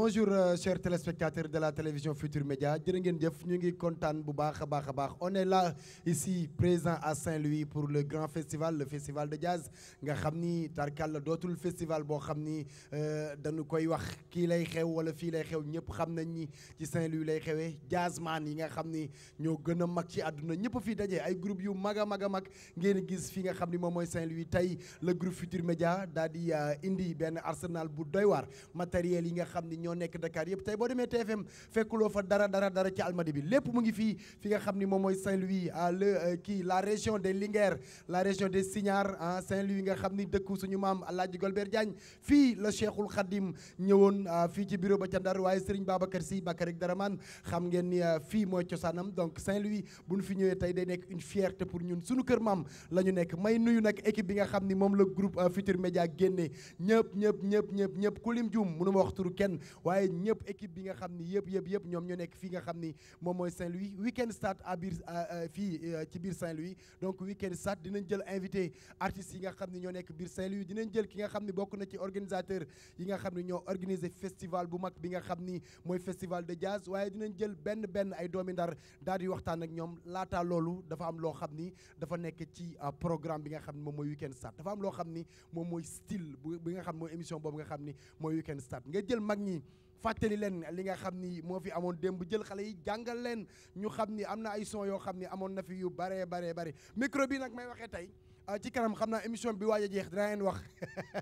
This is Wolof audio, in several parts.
bonjour cher euh, chers téléspectateurs de la télévision Futur Média jërë ngeen jëf ñu ngi kontaan bu baax a baax a baax on est là ici présent à Saint-Louis pour le grand festival le festival de jazz nga xam ni tarkal dootul festival boo xam ni euh, dañu koy wax kii lay xew wala fii lay xew ñëpp xam nañ ni ci Saint-Louis lay xewee jazzman yi nga xam ni ñoo gën a mag ci àdduna ñëpp fii daje ay groupe yu mag a mag a mag ngeen gis fi nga xam ni moom mooy Saint-Louis tey l groupe Futur Média daal di euh, indi benn arsenal bu doy waar yi nga ñoo nekk Dakar yëpp tey boo demee TFM fekkuloo fa dara dara dara ci almadi bi lépp mu ngi fii fi nga xam ni moom mooy Saint-Louis ah le euh, la région des Linguère la région des Signares ah Saint-Louis nga xam ni dëkku suñu maam Alaaji Golbert Diagne fii la Cheikhul Khadim ñëwoon euh, fii ci bureau ba ca Ndar waaye Serigne Babacar Sy Bakarek Daraman xam ngeen euh, fii mooy cosaanam donc Saint-Louis bu ñu fi ñëwee tey day nekk une fierté pour ñun suñu kër maam la ñu nekk may nuyu nag équipe bi nga xam ni moom la groupe Futur Média génne ñëpp ñëpp ñëpp ñëpp ñëpp ku lim juum mënu kenn waaye ñëpp équipe bi nga xam ni yëpp yëpp yëpp ñoom ñoo nekk fii nga xam ni moom mooy Saint-Louis weekend start à biir fii ci biir Saint-Louis donc weekend start dinañ jël invité artistes yi nga xam ni ñoo nekk biir Saint-Louis dinañ jël ki nga xam ni bokk na ci organisateur yi nga xam ni ñoo organiser festival bu mag bi nga xam ni mooy festival de jazz waaye dinañ jël benn benn ay doomi ndar daal di waxtaan ak ñoom laataa loolu dafa am loo xam ni dafa nekk ci programme bi nga xam ni moom mooy weekend start dafa am loo xam ni moom mooy style bi nga xam mooy émission boobu nga xam ni mooy weekend start nga jël mag ñi fàttali leen li nga xam ni moo fi amoon démb jël xale yi jàngal leen ñu xam ni am na ay son yoo xam ni amoon na fi yu baree bare bare micro bi nag may waxee tey ah, ci kanam xam naa émission bi waaj a jeex dinaa leen wax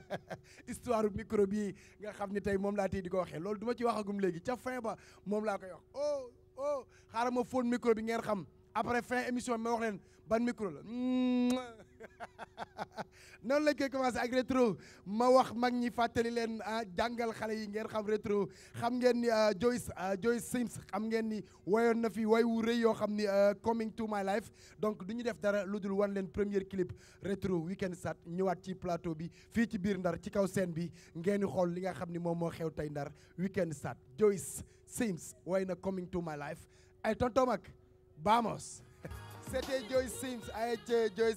histoire micro bi nga xam ni tey moom laa tey di ko waxee loolu du ma ci waxagum léegi ca fin ba moom laa koy wax oh oh xaaral ma fóon micro bi ngeen xam après fin émission bi ma wax leen ban micro la. noonu lañ koy commencé ak rétro ma wax mag ñi fàttali leen ah, jàngal xale yi ngeen xam rétro xam ngeen ni ah, Joyce ah, Joyce Sims xam ngeen ni wayoon na fi way wu rëy yoo xam ni coming to my life donc du ñu def dara lu dul wan leen premier clip rétro weekend sat ñëwaat ci plateau bi fii ci biir ndar ci kaw seen bi ngeen di xool li nga xam ni moom moo xew tey ndar weekend sat Joyce Sims way na coming to my life ay tonton mag Vamos. c'était Joy Sims ay Joy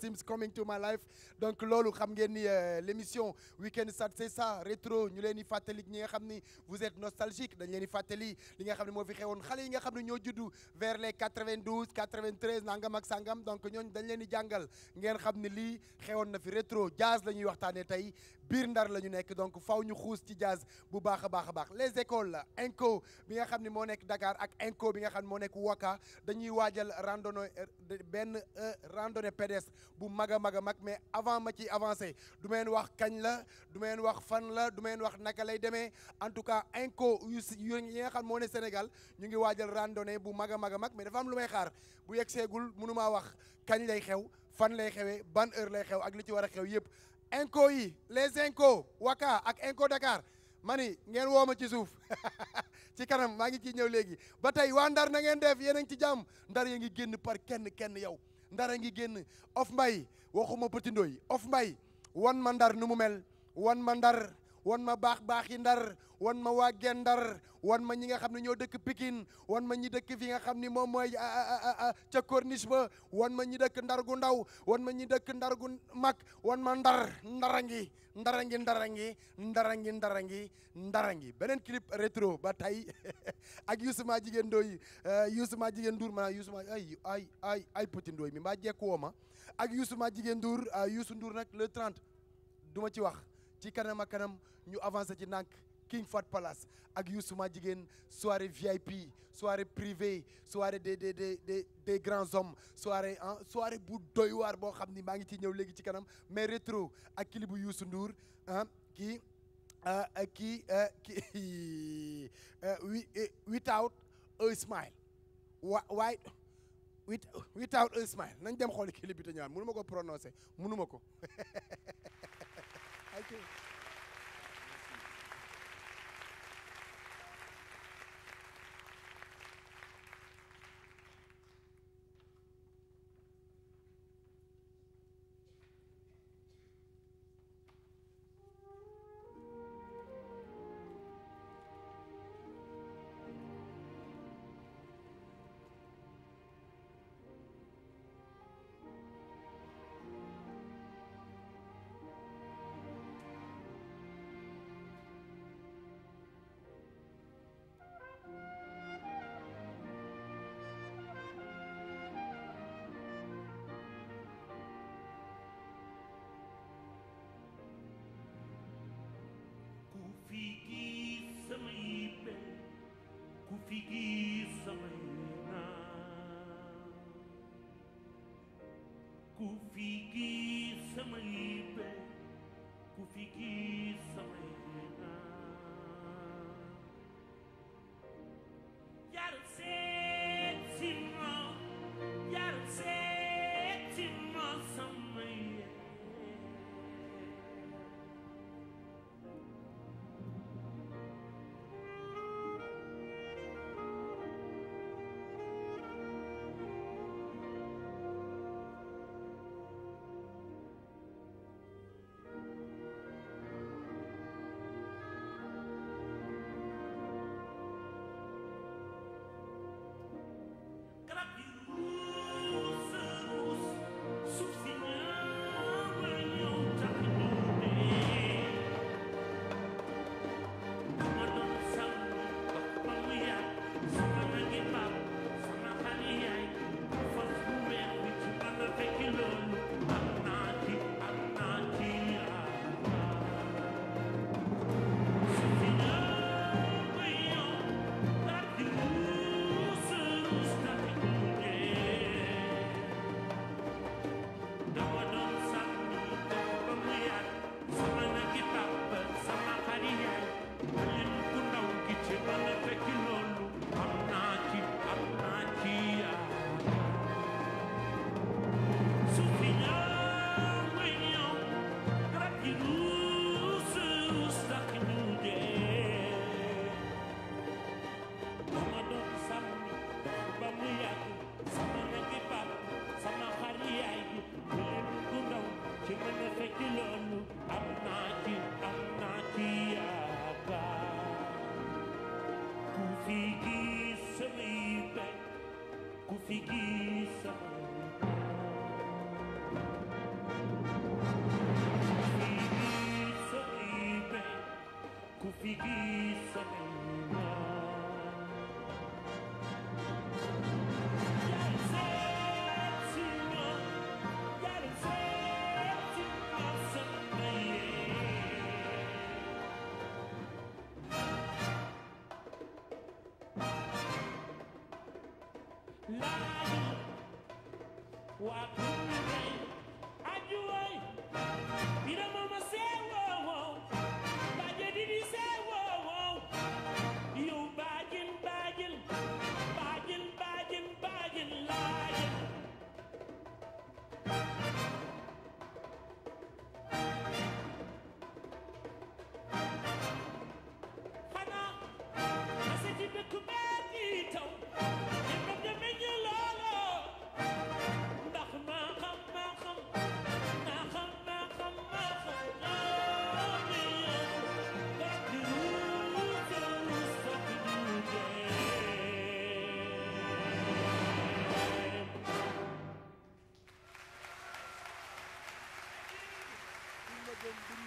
Sims coming to my life donc loolu xam ngeen ni euh, l'émission Weekend Start c'est ça rétro ñu leen di fàttali ñi nga xam ni vous êtes nostalgique dañ leen di fàttali li nga xam ne moo fi xewoon xale yi nga xam ne ñoo juddu vers les 92 93 nangam ak sangam donc ñooñu dañ leen di jàngal ngeen xam ne lii xewoon na fi rétro jazz la ñuy waxtaanee tey biir ndar la ñu nekk donc faw ñu xuus ci jazz bu baax a baax a baax les écoles la INCO bi nga xam ne moo nekk Dakar ak INCO bi nga xam ne moo nekk Waka dañuy waajal randonnée euh, benn euh, randonnée pédestre bu mag a mag a mag mais avant ma ciy avancé du ma wax kañ la du ma wax fan la du ma wax naka lay demee en tout cas inco yu yi nga xam moo ne Sénégal ñu ngi waajal randonnée bu mag a mag a mag mais dafa am lu may xaar bu yegg seegul mënumaa wax kañ lay xew fan lay xewee ban heure lay xew ak li ci war a xew yëpp inco yi les inco Waka ak inco Dakar mani ngeen woo ma ci suuf ci kanam maa ngi ciy ñëw léegi ba tey waa ndar na ngeen def yéen a ci jàmm ndar ya ngi génn par kenn kenn yow ndar a ngi génn of mbay waxuma pëtindooy of mbay wan ma ndar nu mu mel wan ma ndar wan ma baax baax yi ndar wan ma waa gen ndar wan ma ñi nga xam ne ñoo dëkk pikin wan ma ñi dëkk fi nga xam ni moom mooy ca corniche ba wan ma ñi dëkk ndar gu ndaw wan ma ñi dëkk ndar gu mag wan ma ndar ndarangi ndarangi ndarangi ndarangi ndarangi ndarangi beneen clip rétro ba tey ak Youssouma jigéen Ndoye e, Youssouma jigéen Ndour maanaam Youssouma ay ay ay ay petit Ndoye mi mbaa jekku woo ma ak Youssouma jigéen Ndour e, Youssou Ndour nag le 30 duma ci wax ci kanam ak kanam ñu avancé ci nànk King Fat Palace ak Youssouma jigéen soirée VIP soirée privée soirée des des des des grands hommes soirée ah soirée bu doy waar boo xam ni maa ngi ciy ñëw léegi ci kanam mais rétro ak kili bu Youssou Ndour ah kii euh, kii euh, kii euh, without a smile wa waay without a smile nañ dem xooli kili bi te ñëwaat mënu ma ko prononcer mënu ko. Fikiisa may naaw ku fi gis samay pe ku fi gis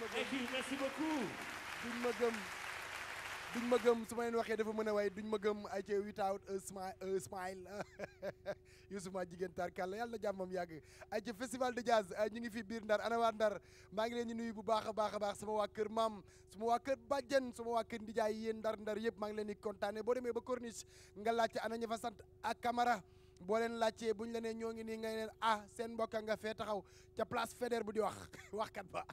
Thank merci beaucoup. duñ ma gëm duñ ma gëm su ma leen waxee dafa mën a way duñ ma gëm ay ca without a smile a smile Youssouf ma jigéen yàlla na jàmmam yàgg ay ca festival de jazz ñu ngi fi biir ndar ana waa ndar maa ngi leen di nuyu bu baax a baax a sama waa kër maam sama waa kër bàjjen sama waa kër ndijaay yéen ndar ndar yëpp maa ngi leen di kontaane boo demee ba corniche nga laajte ana ña fa sant ak kamara boo leen laajtee bu ñu la nee ngi nii nga leen ah seen mbokka nga fee taxaw ca place Faidherbe bu di wax waxkat ba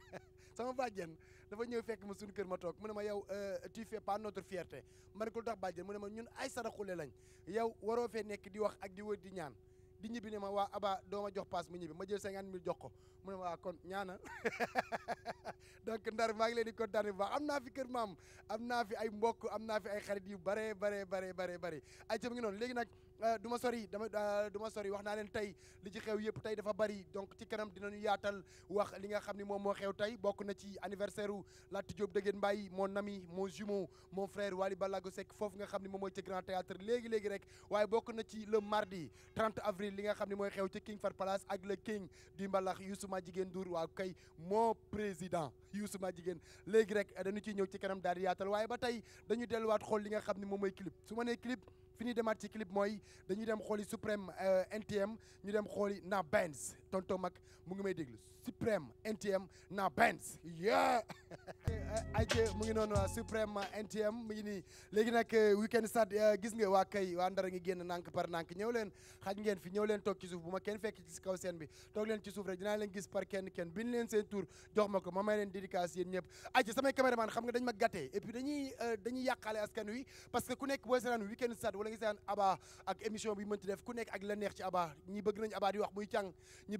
sama bàjjen dafa ñëw fekk ma suñu kër ma toog mu ne ma yow euh, tu fais pas notre fierte ma ne ko lu tax bàjjen mu ne ma ñun ay saraxule lañ yow waroo fee nekk di wax ak di wër di ñaan di ñibbi ne ma waa Aba doo jox paas mu ñibbi ma jël cinquante mille jox ko mu ne ma waa kon ñaana donc ndar maa ngi leen di kontaan bu baax am naa fi kër maam am naa fi ay mbokk am naa fi ay xarit yu bare bare bare bare bëri ay ca mu ngi noonu léegi nag Euh, du ma sori dama euh, du ma sori wax naa leen tey li ci xew yëpp tey dafa bari donc ci kanam dinañu yaatal wax li nga xam ni moom moo xew tey bokk na ci anniversaire u Lat Diop Dëggeen Mbaye mon ami mon jumeau mon frère Wally Ballago sekk foofu nga xam ni moom mooy ci Grand Théâtre léegi léegi rek waaye bokk na ci le mardi 30 avril li nga xam ni mooy xew ci King Fahd Palace ak le king di mbalax Youssou Madjiguène Ndour waaw kay mon président Youssou jigéen léegi rek dañu ciy ñëw ci kanam daal di waaye ba tey dañu delluwaat xool li nga xam ni moom mooy clip su ma nee fi ñuy demaat ci clip mooy dañuy dem xooli Suprême euh, NTM ñu dem xooli Na Benz tonton mag mu ngi may déglu suprême NTM na Benz yeah ajje mu ngi noonu ah, suprême NTM mu ngi nii léegi nag eh, weekend start eh, gis nga waa kay waa ndara ngi génn nànk par nànk ñëw leen xaj ngeen fi ñëw leen toog ci suuf bu ma kenn fekk ci kaw seen bi toog leen ci suuf rek gis par kenn kenn bind leen seen tour jox ma ko ma may leen dédicace yéen ñëpp ajje samay caméraman xam nga dañ ma gàttee et dañuy euh, dañuy yàqaale askan parce que ku nekk booy seetaan weekend start wala nga seetaan ak la neex ci Abba ñi bëgg nañ Abba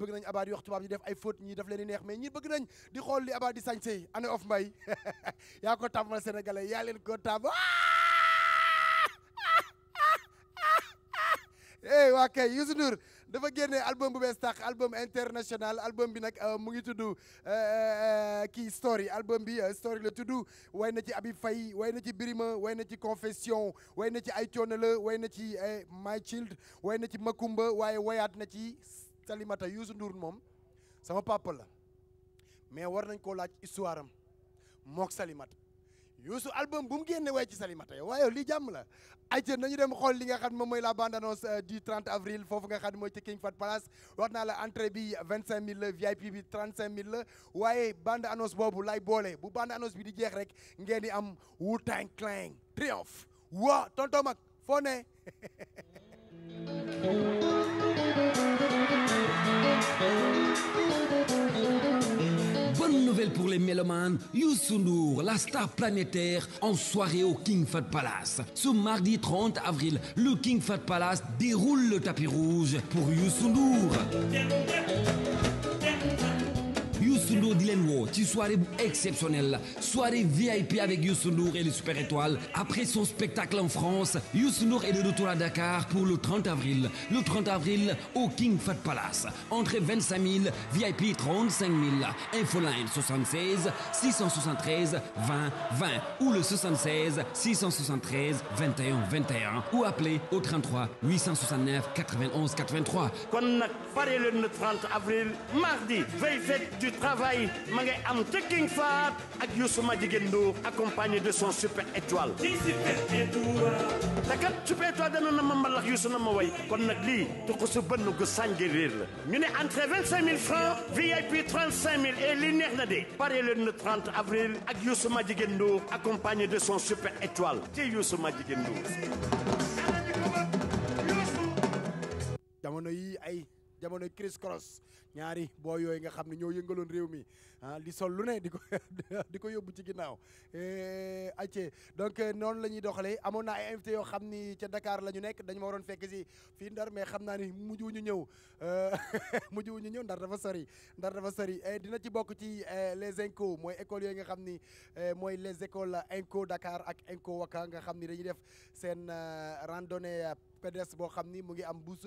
bëgg nañ abaat di def ay faute ñii daf leen di neex mais ñi bëgg nañ di xool li abaat di sañsey année of mbay yaa ko tàmmal sénégalais yaa leen ko tàmm eh waa kay Youssou Ndour dafa génne album bu bees tax album international album bi nag euh, mu ngi tudd euh, euh, kii story album bi story la tudd way na ci Habib Faye way na ci Birima way na ci confession way na ci ay coono la way na ci eh, my child way na ci Makumba waaye wayaat na ci Salimata Youssou Ndour moom sama papa la mais war nañ koo laaj histoire am mook Salimata Youssou album bu mu génne waaye ci Salimata yow waaye lii jàmm la ayca nañu dem xool li nga xam moom mooy la band annonce euh, du 30 avril foofu nga xam mooy ci King Fat Palace wax naa la entrée bi 25000 la VIP bi 35000 la waaye bande annonce boobu lay boole bu bande annonce bi di jeex rek ngeen di am Wu-Tang Clan triomphe waa tonton mag foo ne Bonne nouvelle pour les mélomanes, Youssou Ndour, la star planétaire, en soirée au King Fat Palace. Ce mardi avril, le King Fat Palace déroule le tapis rouge pour Youssou Youssou Ndour di leen woo ci soirée bu exceptionnelle la soirée VIP avec Youssou Ndour et les Super Étoiles après son spectacle en France Youssou est de retour à Dakar pour le avril le avril au King Fat Palace entrée 25 000 VIP ou le ou appelez au 33 869 91 le avril mardi veille fête du travail ma ngay am tëkking faat ak Youssouma Jigéen Ndour accompagné de son super étoile. di super étoile. dana na ma mbalax Youssou na ma way kon nag lii tuq su bënn gu sàngi riir ñu ne entrée mille francs VIP trente mille et eh, li neex na de pare leen le 30 avril ak Youssouma Jigéen Ndour accompagné de son super étoile ci Youssouma Jigéen Ndour. jamono yi ay ñaari boo yooyu nga xam ne ñoo yëngaloon réew mi li ah, sol lu ne di ko di ko yóbbu ci ginnaaw eh, acce donc eh, noonu la ñuy doxalee amoon na ay yoo xam ni ce Dakar la ñu nekk dañu ma waroon fekk si fii Ndar mais xam naa ni mujjuwu ñu ñëw eh, mujjuwu wuñu ñëw Ndar dafa sori Ndar dafa sori dina ci bokk ci les INCO mooy écoles yooyu nga xam ni mooy les écoles INCO Dakar ak INCO Waka nga xam ni dañuy def seen randonnée pédestre boo xam ni mu ngi am bus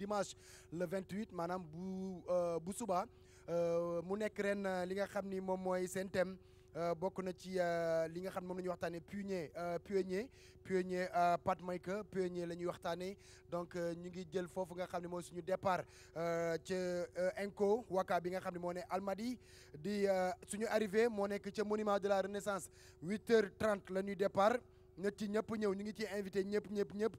dimanche le 28 maanaam bu euh, bu suba euh, mu nekk ren euh, li nga xam ni moom mooy seen thème bokk na ci li nga xam moom la waxtaane waxtaanee pionnier pionnier pionnier Patmaika pionnier la ñuy waxtaanee donc ñu ngi jël foofu nga xam ne mooy suñu départ ca inco Waka bi nga xam ne moo ne Almadi di suñu arrivée moo nekk ca monument de la Renaissance 8h30 la ñuy départ. ñett ci ñëpp ñëw ñu ngi ciy invité ñëpp ñëpp ñëpp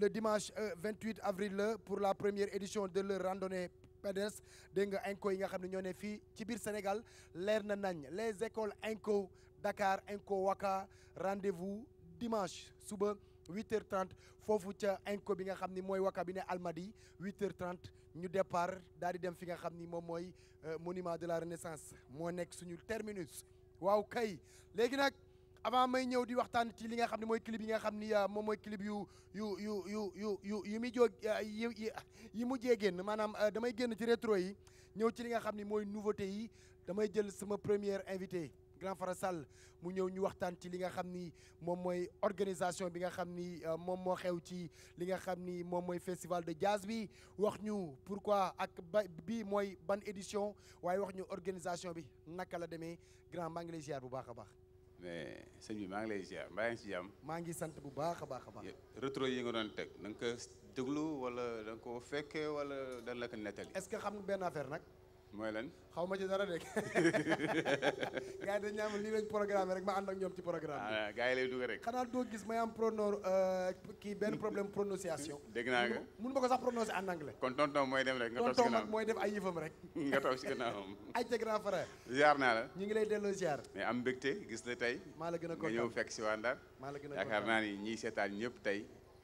le dimanche 28 euh, avril la pour la première édition de leur randonnée pédestre dégg nga INCO yi nga xam ne ñoo ne fii ci biir Sénégal leer na nañ les écoles INCO Dakar INCO Waka rendez-vous dimanche suba 8h30 foofu ca INCO bi nga xam ni mooy waka bi ne Almadi 8h30 ñu départ daal di dem fi nga xam ni moom mooy euh, monument de la Renaissance moo nekk suñu terminus waaw kay léegi nag. avant may ñëw di waxtaan ci li nga xam ne mooy clip yi nga xam ni euh, moom mooy clip yu yu yu yu yu yu yu muy jóg yi yi mujjee génn maanaam euh, damay génn ci rétro yi ñëw ci li nga xam ni mooy nouveauté yi damay jël sama première invité Grand Fara Sall mu ñëw ñu waxtaan ci li nga xam ni moom mooy organisation bi nga xam ni euh, moom moo xew ci li nga xam ni moom mooy festival de jazz bi wax ñu pourquoi ak ba bii mooy ban édition waaye wax ñu organisation bi naka la demee grand maa ngi lay bu baax a baax. mais sëñ bi maa ngi lay ziar mbaa ngi ci jàmm. maa ngi sant bu baax a baax a baax. rétro yi nga doon teg na nga ko déglu wala da nga fekkee wala dan la ko nettali. est-ce que xam nga benn affaire nag. mooy leen xaw ma ci dara de gars yi dañ ñaam lii lañ programme rek ma ànd ñoom ci programme bi ah, gars yi lay dugg rek xanaa doo gis ma am prono euh, kii benn problème prononciation dégg naa nga mun ma ko sax prononcer en anglais kon tonton mooy dem rek nga toog si tonton mooy def ay yëfam rek nga toog si gannaawam ay ca grand frère ziar naa la ñu ngi lay delloo ziar mais am mbégte gis la tey maa la gën a kontaan ñëw fekk si waan Ndar maa la gën a kontaan naa ni ñiy seetaan ñëpp tey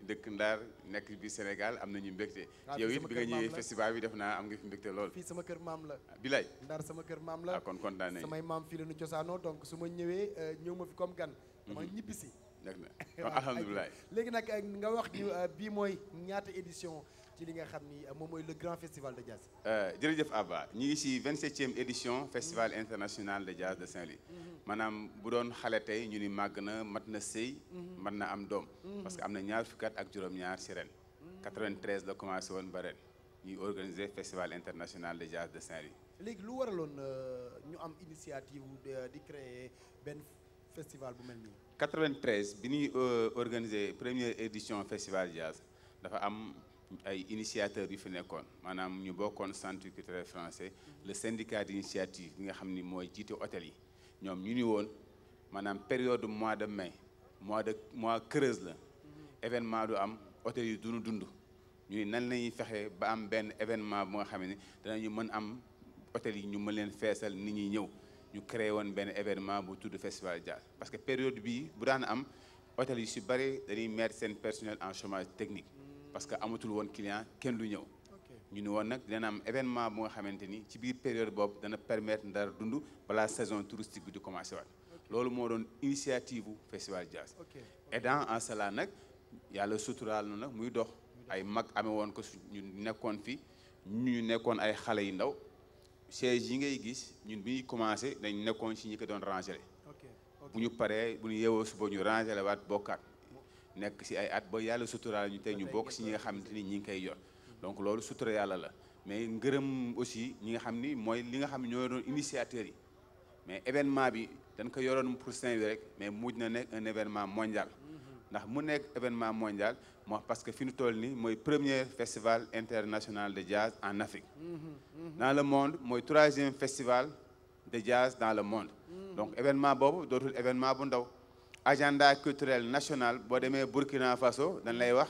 dëkk Ndar nekk bi Sénégal am nañu mbégte ah, yow it bi nga ñëwee festival bi def naa am nga fi mbégte lool fii sama kër maam la bilay Ndar sama kër maam la ah, kon kontaan nañu samay maam fii la ñu cosaanoo donc su ma ñëwee euh, ñëw ma fi comme gan dama mhm. ñibbisi nag na alhamdulilah léegi nag euh, nga wax ñu euh, bii mooy ñaata édition ci li nga xam ni euh, moom mooy le grand festival de jazz. Euh, jërëjëf Abba ñu ngi si 27e édition festival international de jazz de Saint-Louis. Mm-hmm. maanaam bu doon xale tey ñu ni màgg na mat na sëy. Mm-hmm. mat na am doom. Mm-hmm. parce que am na ñaar fukki ak juróom-ñaar si ren. la commencé woon ba ren ñuy organiser festival international de jazz de Saint-Louis. léegi lu waraloon euh, ñu am initiative di créer benn festival bu mel nii. 93 bi ñuy organiser première édition festival jazz dafa am. ay initiateurs yu fi nekkoon maanaam ñu bokkoon centre culturel français le syndicat d'initiative bi nga xam ni mooy jiite hôtel yi ñoom ñu ni woon maanaam période mois de mai mois de mois creuse la événement du am hôtel yi duñu dund ñu ni nan lañuy fexe ba am benn événement bu nga xam ne danañu mën am hôtel yi ñu mën leen feesal nit ñi ñëw ñu créé woon benn événement bu tudd festival jazz parce que période bi bu daan am hôtel yi si bari dañuy mettre seen personnel en chômage technique parce que amatul woon client kenn du ñëw. ñu ni woon nag dina am événement bu nga xamante ni ci biir période boobu dana permettre Ndar dund balaa saison touristique bi du commencé waat. loolu moo doon initiative bu festival jazz. et dans en cela nag yàlla suturaal na nag muy dox ay mag amee woon ko ñu nekkoon fi ñu nekkoon ay xale yu ndaw chaise yi ngay gis ñun bi ñuy commencé dañ nekkoon ci ñi ko doon rangé. bu ñu paree bu ñu yeewoo suba ñu rangé la waat bokkaat. nekk si ay at ba yàlla suturaal ñu tey ñu bokk si ñi nga xamante ni ñi ngi koy jot donc loolu sutura yàlla la mais ngërëm aussi ñi nga xam ni mooy li nga xam ne ñoo initiateur yi mais événement bi dañ ko yoroon pour Saint-Louis rek mais mujj na nekk un événement mondial ndax mu nekk événement mondial moo parce que fi ñu toll nii mooy premier festival international de jazz en Afrique dans le monde mooy troisième festival de jazz dans le monde donc événement boobu dootul événement bu ndaw agenda culturel national boo demee Burkina Faso dañ lay wax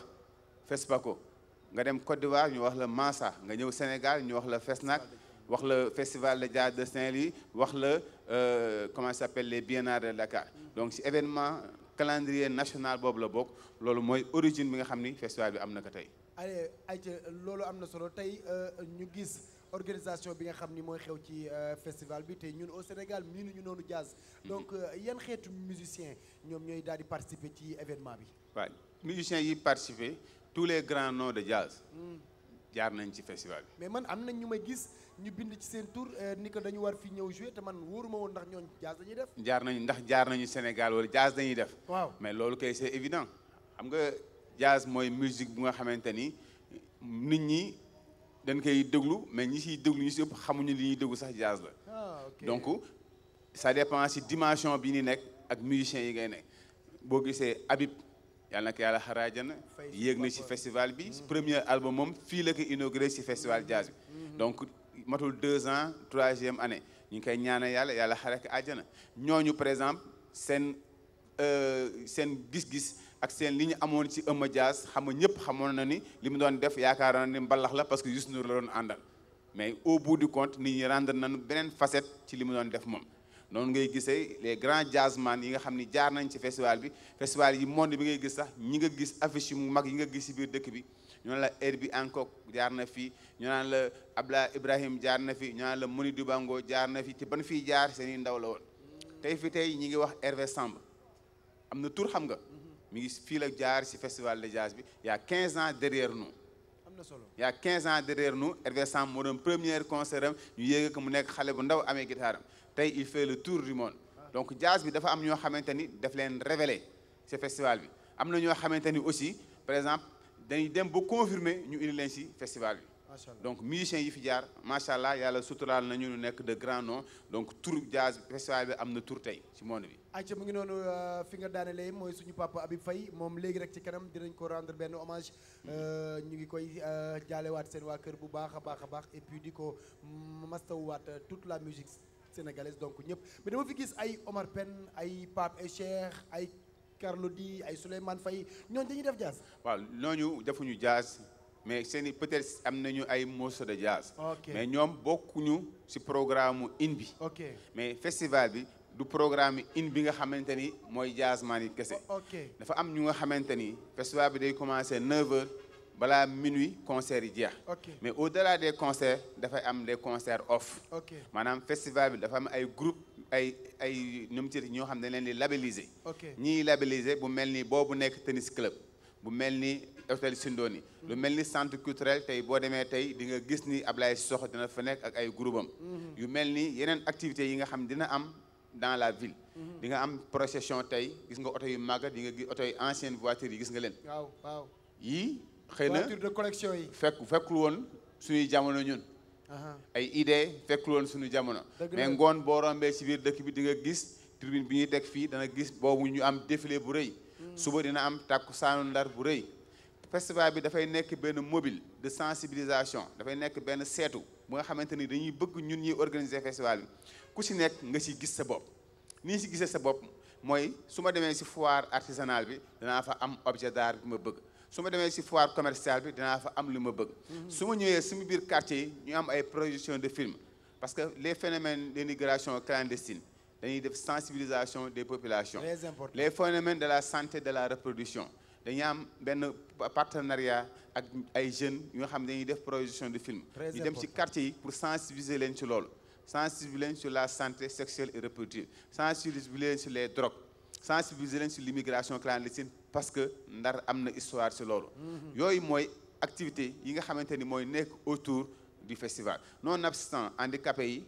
FESPACO nga dem Côte d'Ivoire ñu wax la Mansa nga ñëw Sénégal ñu wax la FESNAC wax la festival de jazz de Saint-Louis wax la euh, comment ça s'appelle les biennales de Dakar donc si événement calendrier national boobu la bokk loolu mooy origine bi nga xam ni festival bi am na ko tey. allez loolu am na solo tey euh, ñu gis. organisation bi nga xam ni mooy xew ci euh, festival bi te ñun au Sénégal ñu noonu jaas mm-hmm. donc euh, yan xeetu musiciens ñoom ñooy daal di participer ci événement bi. waaw musiciens yi participer tous les grands noms de jazz. Mm. jaar nañ ci festival bi. mais man am nañ ñu may gis ñu bind ci seen tour euh, ni ko dañu war fi ñëw jouer te man wóoruma woon ndax ñooñ jazz lañuy def. jaar nañu ndax jaar nañu Sénégal wala jazz dañuy def. waaw mais loolu kay c'est évident xam nga jazz mooy musique bu nga xamante ni nit ñi. dañ koy déglu mais ñi siy déglu ñu si ëpp xamuñu li ñuy déglu sax jazz la. Ah, donc ça dépend si dimension bi ni nekk ak musiciens yi ngay nekk boo gisee Habib yàlla na ko yàlla xaraajana yéeg na si festival bi. Mm. premier album moom fii la ko inauguré si festival jazz bi. Mm-hmm. donc matul deux ans troisième année ñu ngi koy ñaanal yàlla yàlla xare ko àjjana ñooñu par exemple seen euh, seen gis-gis. ak seen li ñu amoon ci Eumeu Diaz xam nga ñëpp xamoon na ni li mu doon def yaakaar na ni mbalax la parce que Youssou Ndour la doon àndal mais au bout du compte nit ñi rendre nañu beneen facette ci li mu doon def moom. noonu ngay gisee les grands jazzman yi nga xam ni jaar nañ ci festival bi festival yi monde bi ngay gis sax ñi nga gis affiche yu mag yi nga gis ci biir dëkk bi ñu naan la Herbie Hancock jaar na fi ñu naan la Abla Ibrahim jaar na fi ñu naan la Moni Dibango jaar na fi te ban fii jaar seen i ndaw la woon tey fi tey ñi ngi wax Hervé am na tur xam nga. mi ngi fii la jaar ci festival de jazz bi y' a 15 ans derrière nous. am na solo y' a 15 ans derrière nous Hervé moo doon première concert am ñu yéeg ko mu nekk xale bu ndaw amee guitare am tey il fait le tour du monde donc jazz bi dafa am ñoo xamante ni daf leen révéler ci festival bi am na ñoo xamante ni aussi par exemple dañuy dem ba confirmer ñu indi leen ci festival bi. donc musiciens yi fi jaar macha allah yàlla suturaal nañu ñu nekk de grand nom donc tour jazz festival bi am na tour tey ci monde bi. ayca mu ngi noonu euh, fi nga daanelee mooy suñu papa Habib Faye moom léegi rek ci kanam dinañ ko rendre benn hommage mm-hmm. euh, ñu ngi koy euh, waat seen waa kër bu baax a baax a baax et puis di ko mastawuwaat toute la musique sénégalaise donc ñëpp mais dama fi gis ay Omar Pène ay Pape et Cheikh ay Carlou D ay Souleymane Faye ñooñu dañuy def jazz. waaw ñooñu defuñu mais seen i peut être am nañu ay morceaux de jazz. mais ñoom bokkuñu ci programme mu in bi. mais festival bi du programme in bi nga xamante ni mooy jazz man yi kese. dafa am ñu nga xamante ni festival bi day commencer 9h balaa minuit concert yi jeex. mais au delà des concerts dafay am des concerts off. maanaam festival bi dafa am ay groupe ay ay ñoom ci ñoo xam ne dañ leen di labelliser. ñii labelliser bu mel ni boobu nekk tennis club. bu mel ni hôtel Sindoni lu mel ni centre culturel tey boo demee tey di nga gis ni Ablaye Sissoko dina fa nekk ak ay groupe mhm. yu mel ni yeneen activités yi nga xam dina am dans la ville mhm. di nga am procession tey gis nga oto yu màggat di nga gis oto yu ancienne voiture yi gis nga leen waaw waaw yii xëy na voiture de yi fekk fekkul woon suñuy jamono ñun ay idée fekkul woon sunu jamono mais ngoon boo rombee ci biir dëkk bi di nga gis tribune bi ñuy teg fii dana gis boobu ñu am défilé bu rëy suba dina am tàkku saanu ndar bu rëy festival bi dafay nekk benn mobile de sensibilisation dafay nekk benn seetu bu nga xamante ni dañuy bëgg ñun ñi organiser festival bi ku si nekk nga si gis sa bopp ni si gisee sa bopp mooy su ma demee si foire artisanale bi danaa fa am objet bi ma bëgg su ma demee si foire commerciale bi danaa fa am lu ma bëgg mm-hmm. su ma ñëwee suñu biir quartier yi ñu am ay projection de film parce que les phénomènes d'émigration clandestine dañuy def sensibilisation des populations les phénomènes de la santé de la reproduction dañuy am benn partenariat ak ay jeunes yu xam ne dañuy def projection de film ñu dem ci quartier yi pour sensibiliser leen ci loolu sensibiliser leen sur la santé sexuelle et reproductive sensibiliser leen sur les drogues sensibiliser leen sur l'immigration clandestine parce que ndar am na histoire ci loolu mhm. yooyu mooy activités yi nga xamante ni mooy nekk autour du festival non obstant handicapé yi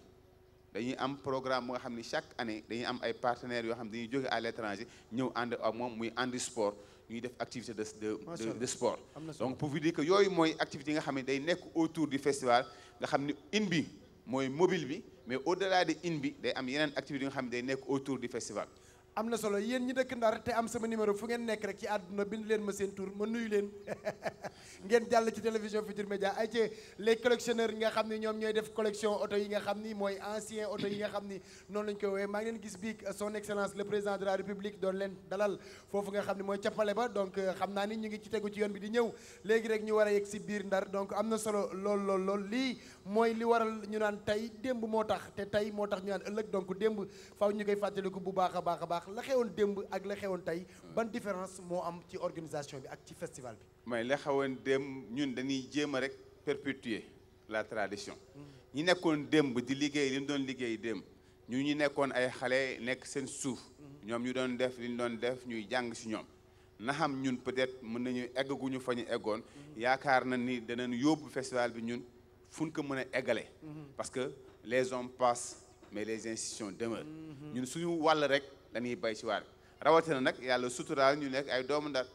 dañuy am programme bu nga xam ni chaque année dañuy am ay partenaire yoo xam dañuy jóge à l'étranger ñëw ànd ak moom muy àndi sport ñuy def activité de de de sport. donc pour vous dire que yooyu mooy activité yi nga xam ne day nekk autour du festival nga xam ni in bi mooy mobile bi mais au delà de in bi day am yeneen activité yi nga xam ne day nekk autour du festival. am na solo yéen ñi dëkk Ndar te am sama numéro fu ngeen nekk rek ci àdduna bind leen ma seen tur ma nuyu leen ngeen jàll ci télévision Futurs Médias ay ci les collectionneurs yi nga xam ne ñoom ñooy def collection oto yi nga xam ni mooy ancien oto yi nga xam ni noonu lañ koy woowee maa ngi leen gis biig son excellence le président de la république doon leen dalal foofu nga xam ne mooy cappale ba donc euh, xam naa ni ñu ngi ci tegu ci yoon bi di ñëw léegi rek ñu war a yegg si biir Ndar donc am na solo lool lool lool lii mooy li waral ñu naan tey démb moo tax te tey moo tax ñu naan ëllëg donc démb faw ñu koy fàttaliku bu baax a baax a baax la xewoon démb ak la xewoon tey ban différence moo am ci organisation bi ak ci festival bi. mais la xewoon démb ñun dañuy jéem a rek perpétuer la tradition. ñi nekkoon démb di liggéey li mu doon liggéey démb ñu ñu nekkoon ay xale nekk seen suuf. ñoom ñu doon def li ñu doon def ñuy jàng si ñoom. na xam ñun peut-être mën nañu egg gu ñu fa ñu eggoon. yaakaar na ni danañ yóbbu festival bi ñun. fu ñu ko mën a eggale mhm. parce que les on passent mais les institutions demeurent. Mhm. ñun suñu wàll rek dañuy bay ci waar rawatina nag yàlla suturaal ñu nekk ay doomu ndar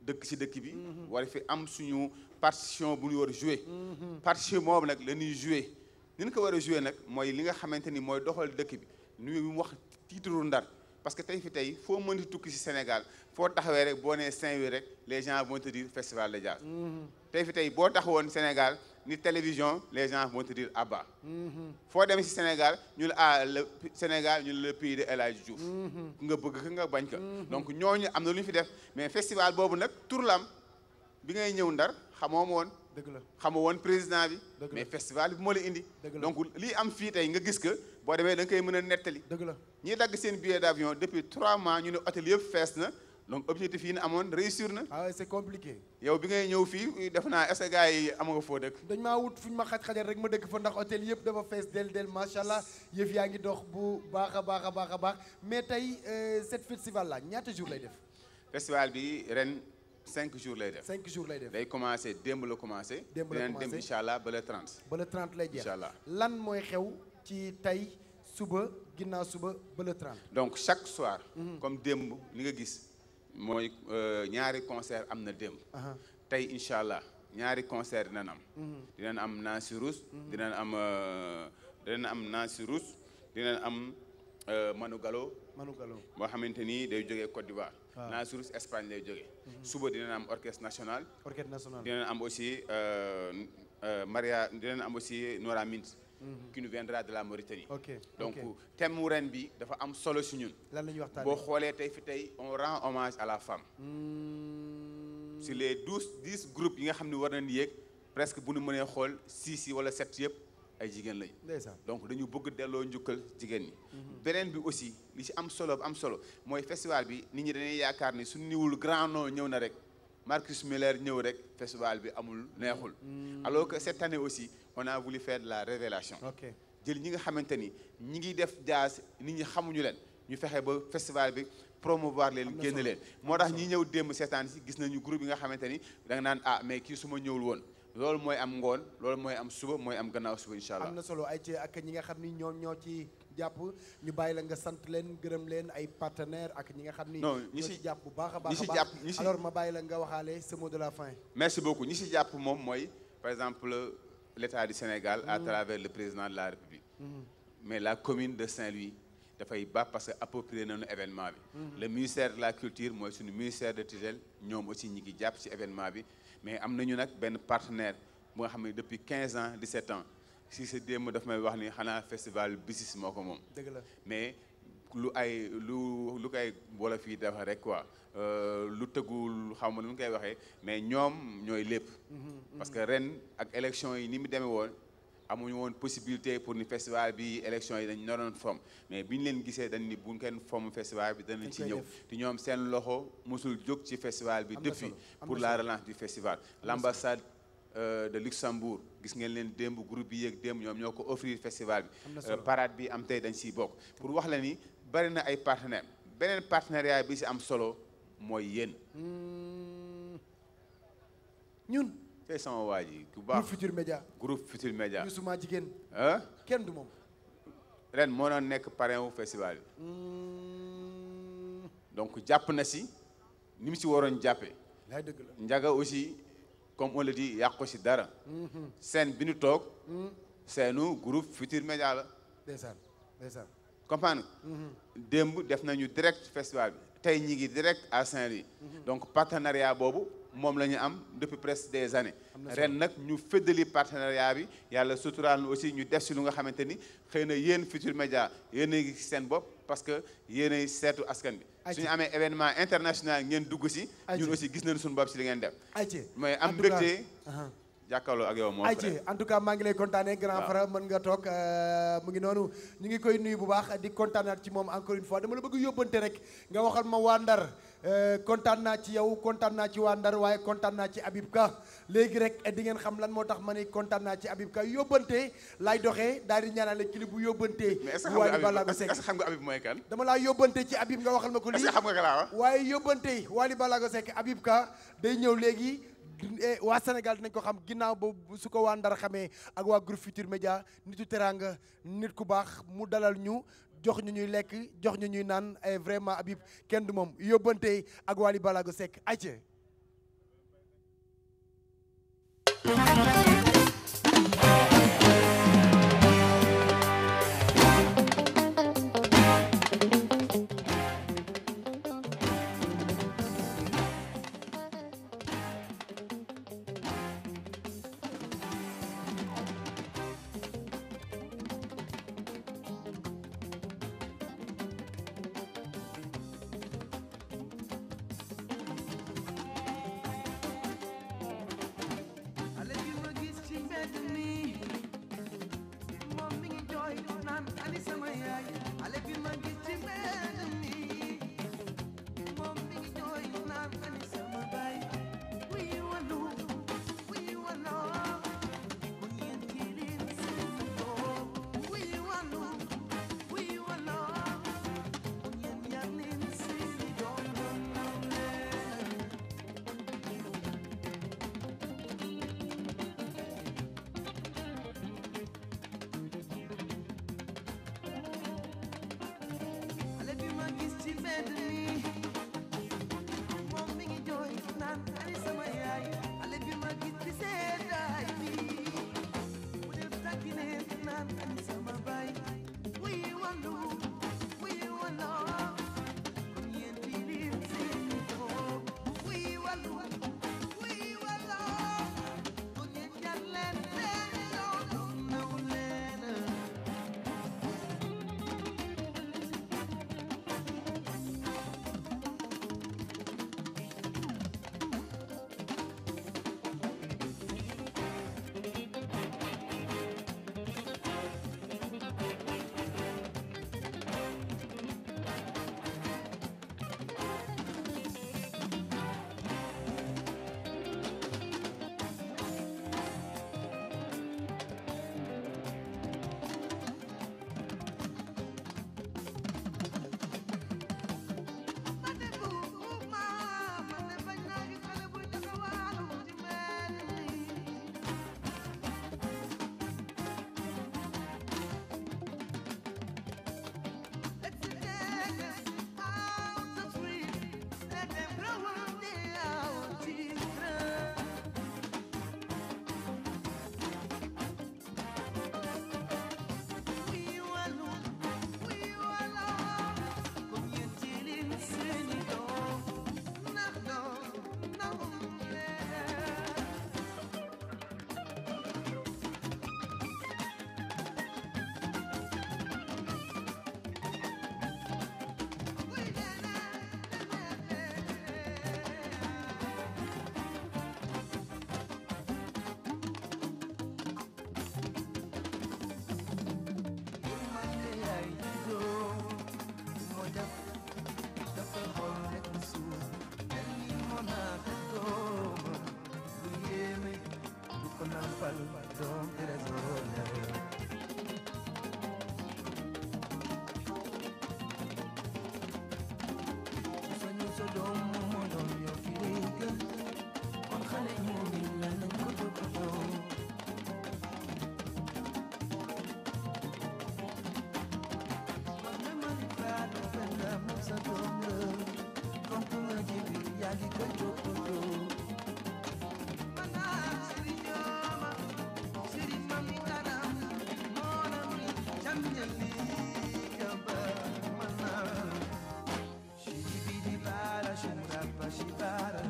dëkk ci dëkk bi mhm. war fi am suñu partition bu ñu war a jouer partition boobu nag la ñuy jouer ni ñu ko war a jouer nag mooy li nga xamante ni mooy doxal dëkk bi ñu mu wax tiituru ndar parce que tey fi tey foo mën di tukki ci Sénégal foo taxawee rek boo nee Saint-Louis rek les gens vont te dire festival tey fi tey boo taxawoon Sénégal ni télévision les gens vont te dire Abba. Mm-hmm. foo demee si Sénégal ñu ne ah le Sénégal ñu le pays de El Hadj Diouf. Mm-hmm. nga bëgg ka nga bañ ka. Mm-hmm. donc ñoo ñu am na lu ñu fi def mais festival boobu nag tour la am bi ngay ñëw ndar xamoo ma woon. dëgg la xamoo woon président bi. mais festival bi moo la indi. donc lii am fii tey nga gis que boo demee da nga koy mën a nettali. dëgg la ñiy dagg seen billet d' avion depuis trois mois ñu ne hôtel yëpp fees na. donc objectif yi ñu amoon réussir na. ah c'est compliqué. yow bi ngay ñëw fii def naa est-ce yi am foo dëkk. dañ maa wut fu ñu ma xaj-xajal rek ma dëkk fa ndax hôtel yëpp dafa fees del del macha allah yëf yaa ngi dox bu baax a baax a baax mais tey euh, cette festival là ñaata jours lay def. festival bi ren cinq jours lay def. cinq jours lay def day commencé démb la commencé. démb la commencé dinañ dem incha allah ba le trente. ba lay jeex incha lan mooy xew ci tey suba ginnaaw suba ba le donc chaque soir. Mhm. comme démb li nga gis. mooy euh, ñaari concert am na démb tey incha allah ñaari concert dinañ am mhm. dinañ am Nasirus mhm. dinañ am euh, dinañ am Nasirus dinañ am euh, Manu Galo Manu Galo boo xamante ni day jógee Côte d'Ivoire ah. Nasirus Espagne lay jógee mhm. suba dinañ am orchestre national orchestre national dinañ am aussi Maria dinañ am aussi Nora Mint Mm-hmm. qui nous viendra de la Mauritanie. Okay. donc thème mu ren bi dafa am solo si ñun. lan la ñuy waxtaanee boo xoolee tey fi tey on rend hommage à la femme. Mmh. si les douze dix groupes yi nga xam ni war na nañu yéeg presque bu nu mënee xool six yi wala sept yëpp ay jigéen lañu. donc dañu bëgg delloo njukkal jigéen ñi. Mm-hmm. beneen bi aussi li si am solo am solo mooy festival bi nit ñi dañuy yaakaar ni suñu niwul grand nom ñëw na rek. Marcus Miller ñëw rek festival bi amul neexul. Mm. alors que cette aussi on a voulu la révélation. jël ñi nga xamante ni ñi ngi def jazz nit ñi xamuñu leen ñu fexe ba festival bi promouvoir leen génn leen. moo tax ñi ñëw démb seetaan si gis nañu group yi nga xamante ni da naan ah mais kii su ma ñëwul woon. loolu mooy am ngoon loolu mooy am suba mooy am gannaaw suba incha allah. am ñi nga xam ni ñoom ñoo ci. jàpp ñu bàyyi la nga sant leen gërëm leen ay partenaires ak ñi nga xam ni. ñoo ñi si jàpp bu baax a baax a baax ma bàyyi la nga waxaale ce mot de la fin. merci beaucoup ñi si jàpp moom mooy par exemple l' état du Sénégal. à mm-hmm. travers le président de la République. Mm-hmm. mais la commune de Saint-Louis. dafay baax parce que approprié nañu événement bi. Mm-hmm. le ministère de la culture mooy suñu ministère de tutelle ñoom aussi ñi ngi jàpp ci événement bi mais am nañu nag benn partenaire bu nga xam ne depuis 15 ans 17 ans. si sa démb daf may wax ni xanaa festival BICIS moo ko moom. dëgg la mais lu ay lu lu koy wolof yi dafa rek quoi euh, lu tëggul xaw ma nu mu koy waxee mais ñoom ñooy lépp. Mm-hmm, mm-hmm. parce que ren ak élection yi ni mu demee woon. amuñu woon possibilité pour ni festival bi élection yi dañ noroon fomm mais bi ñu leen gisee dañ ni buñ kenn fomm festival bi danañ ci ñëw te ñoom seen loxo mosul jóg ci festival bi depuis pour la relance du festival l'ambassade Euh, de Luxembourg gis ngeen leen démb groupe bi yeeg démb ñoom ñoo ko offrir festival bi euh, parade bi am tey dañ siy bokk pour wax la ni bari na ay partenaire beneen partenariat bi si am solo mooy yéen hmm. ñun tey sama waa ji ku baax groupe Futur Média groupe Futur Média suma jigéen ah kenn du moom ren moo doon nekk parrain wu festival bi hmm. donc jàpp na si ni si waroon jàppe njaga aussi comme on le yàqu yàq si dara. Mhm. seen bi ñu toog. Mhm. seenu group Futur Média la. ndeysaan ndeysaan. comprendre mhm. démb def nañu direct festival bi tey ñi ngi direct à Saint-Louis. donc partenariat boobu moom la ñu am depuis presque des années. ren nag ñu féddali partenariat bi yàlla suturaal nu aussi ñu def si lu nga xamante ni xëy na yéen Futur Média yéen a ngi seen bopp parce que yéen ay seetu askan bi. suñu amee événement international ngeen dugg si ñun aussi gis nañ suñu bopp si li dem def mooy am mbégte uh-huh. jàkkaarloo ak yow moo frère en tout cas maa ngi lay kontaanee grand frère mën nga toog euh, mu ngi noonu ñu ngi koy nuyu bu baax di kontaanaat ci moom encore une fois dama la bëgg yóbbante rek nga waxal ma waa euh, kontaan naa ci yow kontaan naa ci waa Ndar waaye kontaan naa ci Habib Ka léegi rek di xam lan moo tax ma ne kontaan naa ci Habib Ka yóbbante laay doxee daal di ñaanale clip bu yóbbante waaye balaa bi sekk est nga Habib mooy kan dama laa yóbbante ci Habib nga waxal ma ko lii xam nga waaye yóbbante Wally Ballago Seck Habib Ka day ñëw léegi Eh, waa Sénégal dinañ ko xam ginnaaw boobu su ko waa Ndar xamee ak waa groupe Futurs Médias nitu teraanga nit ku baax mu dalal ñu jox ñu ñuy lekk jox ñu ñuy naan ay eh, vraiment a Habib kenn du moom yóbbante ak Wally Ballago Seck acce yaa ngi koy toppatoo shibara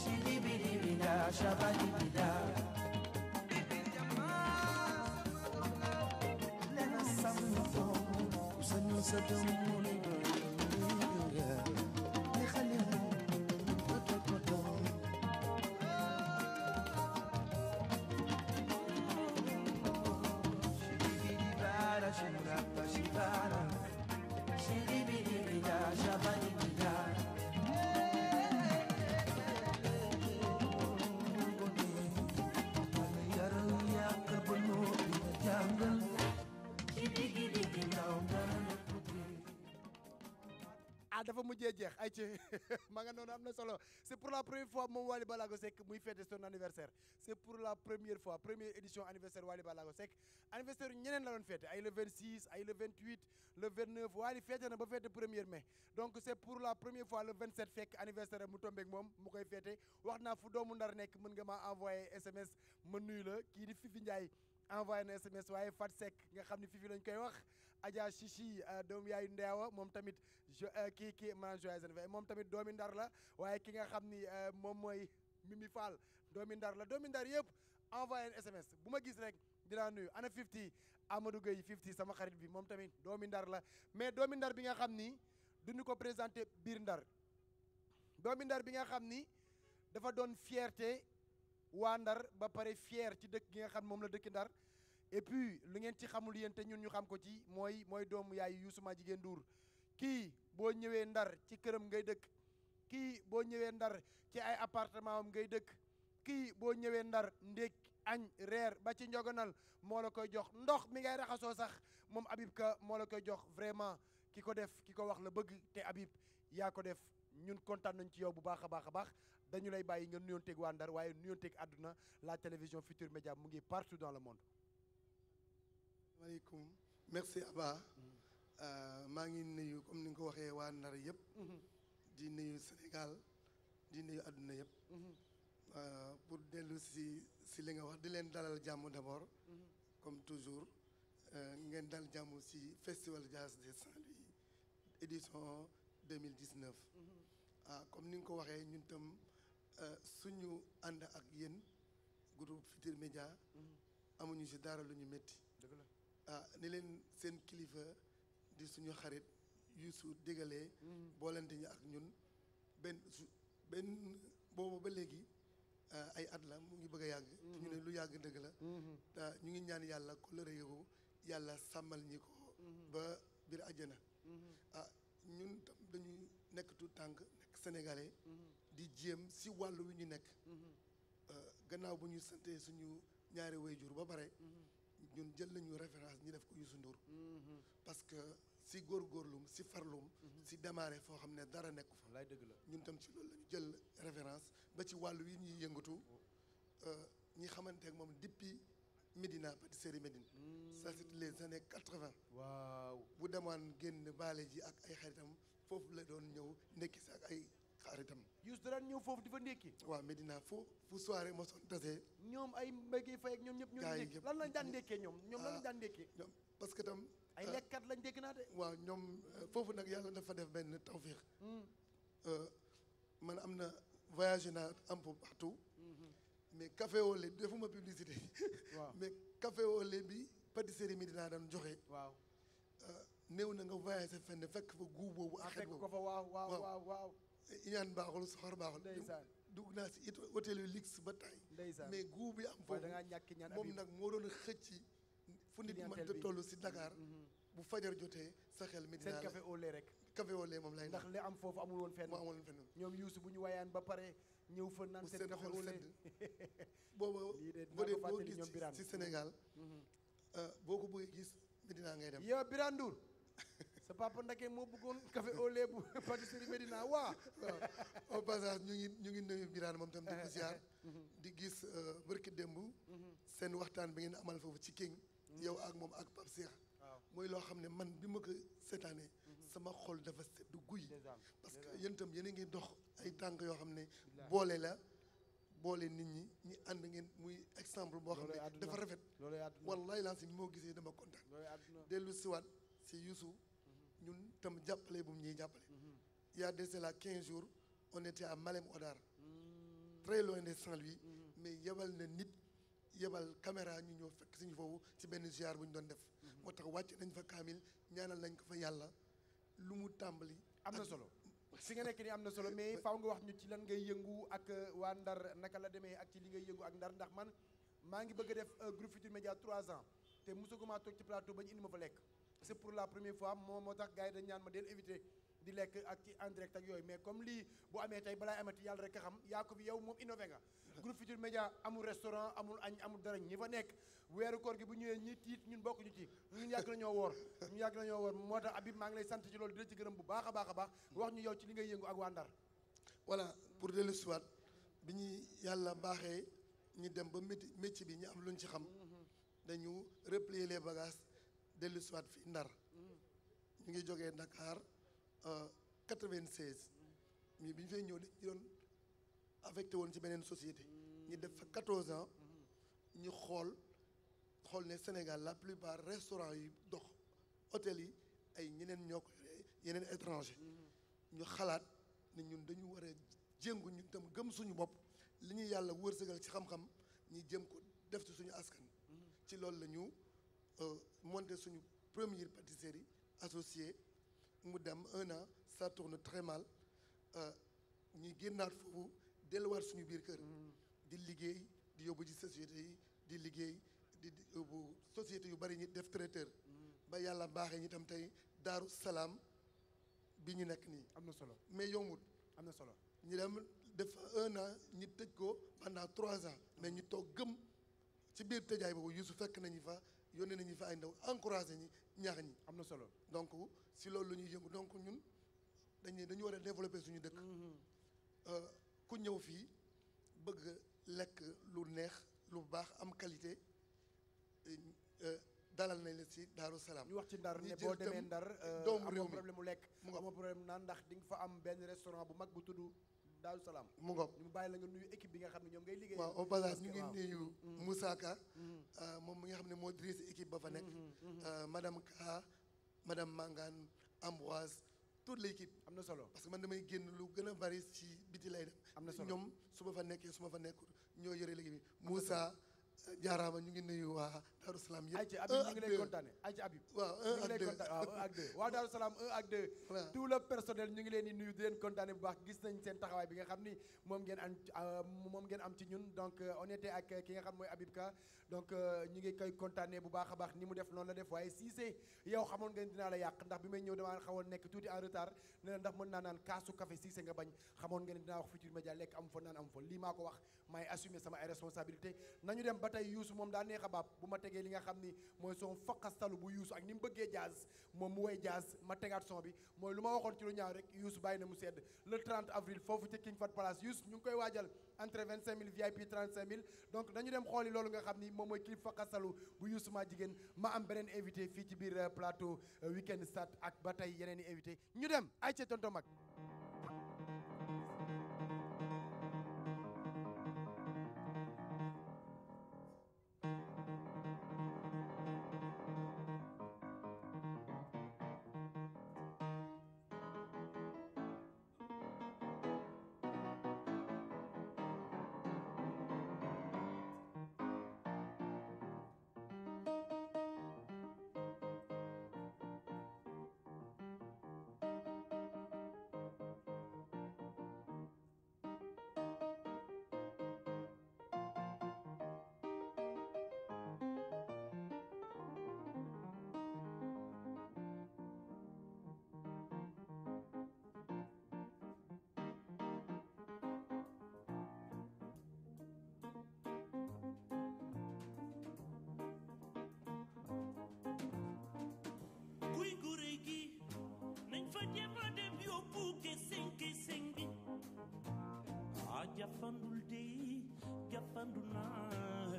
shibibiribira shabalibira lena samto usanusadum Ah, dafa mujjee jeex ay ci maa nga noonu am na solo c'est pour la première fois moom Wally Ballago Seck muy fête son anniversaire c'est pour la première fois première édition anniversaire Wally Ballago Seck anniversaire yu ñeneen la doon fête ay le 26 ay le 28 le 29 Wally fête na ba fête 1er donc c'est pour la première fois le 27 fekk anniversaire mu tombeek mu koy fête wax naa fu doomu ndar nekk mën nga maa envoyé SMS ma nuyu la kii di Fifi Ndiaye envoyé na SMS waaye Fat Seck nga xam ne fifi lañ koy wax Adja Chichi euh, doom yaayu Ndeewa moom tamit euh, kii kii maanaam joyeux anniversaire moom tamit doomi Ndar la waaye ki nga xam ni euh, moom mooy Mimi Fall doomi Ndar la doomi Ndar yëpp envoyé na SMS bu ma gis rek dinaa nuyu ana Fifty Amadou Gueye Fifty sama xarit bi moom tamit doomi Ndar la mais doomi Ndar bi nga xam ni duñu ko présenté biir Ndar doomi Ndar bi nga xam ni dafa doon fierté waa Ndar ba pare fier ci dëkk gi nga xam moom la dëkki Ndar et puis lu ngeen ci xamul yéen te ñun ñu xam ko ci mooy mooy doom yaay Youssou jigéen duur kii boo ñëwee ndar ci këram ngay dëkk kii boo ñëwee ndar ci ay appartement am ngay dëkk kii boo ñëwee ndar ndékk añ reer ba ci njogonal moo la koy jox ndox mi ngay raxasoo sax moom Habib Ka moo la koy jox vraiment ki ko def ki ko wax la bëgg te Habib yaa ko def ñun kontaan nañ ci yow bu baax a baax baax dañu lay bàyyi nga nuyonteeg waa Ndar waaye nuyonteeg àdduna la télévision Futur Média mu ngi partout dans le monde maaleykum merci Aba. Mm-hmm. Euh, maa ngi nuyu comme ni nga ko waxee waa Ndar yëpp. Mm-hmm. di nuyu Sénégal di nuyu àdduna yëpp. Mm-hmm. Euh, pour dellu si si li nga wax di leen dalal jàmm d'abord. comme toujours euh, ngeen dal jàmm si festival jazz de Saint-Louis édition deux mille dix-neuf. ah comme ni nga ko waxee ñun tam suñu ànd ak yéen groupe Futurs Médias. amuñu si dara lu ñu métti. Ah, ni leen seen kilifa di suñu xarit Youssou digalee mm-hmm. boolante ñu ak ñun benn su benn boobu ba léegi ah, ay at la mu ngi bëgg a yàgg te mm-hmm. ñu ne lu yàgg dëgg la mm-hmm. ah, ñu ngi ñaan yàlla kóllëre yàlla sàmmal ñi ko ba biir àjjana ah ñun tam dañuy nekk tout tànk nekk sénégalais di jéem si wàll wi ñu nekk gannaaw bu ñu sante suñu ñaari wayjur ba pare ñun jël nañu référence ñu def ko Youssou Ndour parce que si góorgóorlum si farlum si démarré foo xam ne dara nekku fa laay dëgg ñun tam ci loolu la jël référence ba ci wàllu yi ñuy yëngatu euh, ñi xamante ak moom depuis Médina pâtisserie Médine mm. ça c'est les années quatre-vingt bu demaan génn baale ji ak ay xaritam foofu la doon ñëw nekki sa ak ay xaritam. Youssou daan ñëw foofu di fa ndékki. waaw Medina foo fu soirée mosoon ñoom ay mbéy fay ak ñoom ñëpp. ñoo ngi lan lañ ah, daan ndékkee ñoom parce que tam. ay ah, lañ dégg naa de. waaw euh, foofu nag yàlla dafa def benn hmm. euh, na voyagé naa un peu partout. Hmm. mais café au lait defuma publicité. joxe. waaw. Euh, na nga voyagé fenn fekk fa guub boobu. ak ah, xet boobu waaw waaw waaw. iñaan baaxul soxor baaxul. ndeysaan dugg naa si it hôtel yu luxe ba tey. ndeysaan mais guub bi am foofu moom nag moo doon xëcc. fu nit ma a toll si Dakar. Mm-hmm. bu fajar jotee sa xel mi dinaa la seen café au lait rek. café au moom lay ndax li am foofu amul woon fenn. amul woon fenn ñoom Youssou bu ñu wayaan ba pare ñëw fa naan seen café au lait booba boo gis si Sénégal. Mm-hmm. Euh, boo ko bëggee gis Medina ngay dem. yow Birane Ndour sa papa ndake moo bëggoon café au lait bu pâtisserie Médina waa au passage ñu ngi ñu ngi nuyu Birane moom tam di ko ziar di gis euh, barki démb seen waxtaan bi ngeen amal foofu ci King yow ak moom ak Pape Cheikh mooy loo xam ne man bi ma ko seetaanee mhm. sama xol dafa seddu guy parce que yéen itam yéen a ngi dox ay tànk yoo xam ne boole la boole nit ñi ñi ànd ngeen muy exemple boo xam ne dafa rafet wallaay laa si ni moo gisee dama kontaan dellu siwaat si Youssou ñun tam jàppale bu ñuy jàppale. Mhm. il y a de cela quinze jours on am à Malem Hodar. Mhm. très loin de Saint-Louis. Mhm. mais yebal na nit yebal caméra ñu ñëw fekk suñu foofu ci benn ziar bu ñu doon def. moo tax wàcc nañ fa kaamil ñaanal nañ ko fa yàlla lu mu tàmbali. am na solo si nga nekk nii am na solo mais faaw nga wax ñu ci lan ngay yëngu ak euh, waa Ndar naka la demee ak ci li ngay yëngu ak Ndar ndax man maa ngi bëgg a def euh, groupe Futurs Médias trois ans te mosaguma toog ci plateau ba ñu ma fa lekk. c'est pour la première fois moo moo tax gars yi dañ ñaan ma del éviter di lekk ak ci en direct ak yooyu mais comme lii bu amee tey balaa amati yàlla rek a xam yaa ko fi yow moom innové nga groupe Futurs Médias amul restaurant amul añ amul dara ñi fa nekk weeru koor gi bu ñëwee ñi tiit ñun bokk ñu ci ñun yàgg nañoo woor ñun yàgg nañoo woor moo tax abi maa ngi lay sant ci loolu di la ci gërëm bu baax a baax a baax wax ñu yow ci li ngay yëngu ak waa Ndar pour dellu si waat bi ñuy yàlla baaxee ñu dem ba métier bi ñu am luñ ci xam mm-hmm. dañu replier les bagages dellu siwaat fi Ndar ñu ngi jógee Dakar euh, quatre-vingt-seize mais bi ñu fay ñëw di doon affecté woon ci beneen société ñu def fa quatorze ans ñu xool xool ne Sénégal la plupart restaurant yi dox hôtel yi ay ñeneen ñoo yeneen étranger ñu xalaat ne ñun dañu war a jéngu ñu tam gëm suñu bopp li ñuy yàlla wërsëgal ci xam-xam ñu jëm ko def ci suñu askan ci loolu la Euh, monter suñu première pâtisserie associée mu dem un an ça tourne très mal euh, ñu génnaat foofu delluwaat suñu biir kër. Mm. di liggéey di yóbbu ci société yi di liggéey di yóbbu société yu bari ñi def traiteur. Mm. ba yàlla baaxee ñi tam tey daaru salaam bi ñu nekk nii. am na solo mais yombut. am na solo ñu dem def un an ñu tëj ko pendant trois ans mais ñu toog gëm ci biir tëjaay boobu Youssou fekk nañu fa yónnee nañu fa ay ndaw encouragé ñi ñaax ñi. am na solo donc si loolu la ñuy yëngu donc ñun dañuy dañu war a développer suñu dëkk. Mm-hmm. Euh, ku ñëw fii bëgg lekk lu neex lu baax am qualité euh, dalal nañ la si Daaru Salaam. ñu wax ci Ndar ne boo demee Ndar. Euh, doomu réew mi amoo problème mu lekk. amoo problème naan ndax di nga fa am benn restaurant bu mag bu tudd. Daaru Salaam mu ngoog ñu bàyyi la nga nuyu équipe bi nga xam ne ñoom ngay liggéey waaw au passage ñu ngi mm-hmm. mm-hmm. Ka mm-hmm. euh, moom mi nga xam ne moo dirige équipe ba fa nekk euh, madame Ka madame Mangane Ambroise toute l'équipe am na solo parce que man damay génn lu gën a bari ci biti lay dem am na solo ñoom su ma fa nekkee su ma fa nekk ñoo yore liggéey bi Moussa euh, jaaraama ñu ngi nuyu waa Daaru Salaam yëpp ayca Habib ñu ñu ngi leen di nuyu leen kontaane bu baax gis nañ seen taxawaay bi nga xam ni moom ngeen am euh, moom ngeen am ci ñun donc euh, on était ak euh, ki nga xam mooy Habib Ka donc ñu ngi koy kontaane bu baax a baax ni mu def noonu la def waaye Cissé yow xamoon ngeen dinaa la yàq ndax bi may ñëw damaa nekk tuuti en mën naa naan kaasu café Cissé nga bañ xamoon ngeen dinaa wax Futurs Médias lekk am fa naan am fa lii maa ko wax maay assumer sama ay responsabilité nañu dem ba tey Youssou moom daa neex a baab bu ma teg tegee li nga xam ni mooy son foqastalu bu yuusu ak ni mu bëggee jazz moom mu woy jazz ma tegaat son bi mooy lu ma waxoon ci lu ñaaw rek yuusu bàyyi na mu sedd le 30 avril foofu ci King Fahd Palace ñu ngi koy waajal entre 25000 VIP 35000 donc dañu dem xooli loolu nga xam ni moom mooy clip foqastalu bu yuusu maa jigéen ma am beneen invité fii ci biir euh, plateau euh, Weekend Start ak ba tey yeneen i ñu dem ay ca tonton mag jefa dem yóbbu keseŋ keseŋ bi ah jafandul de jafandu naa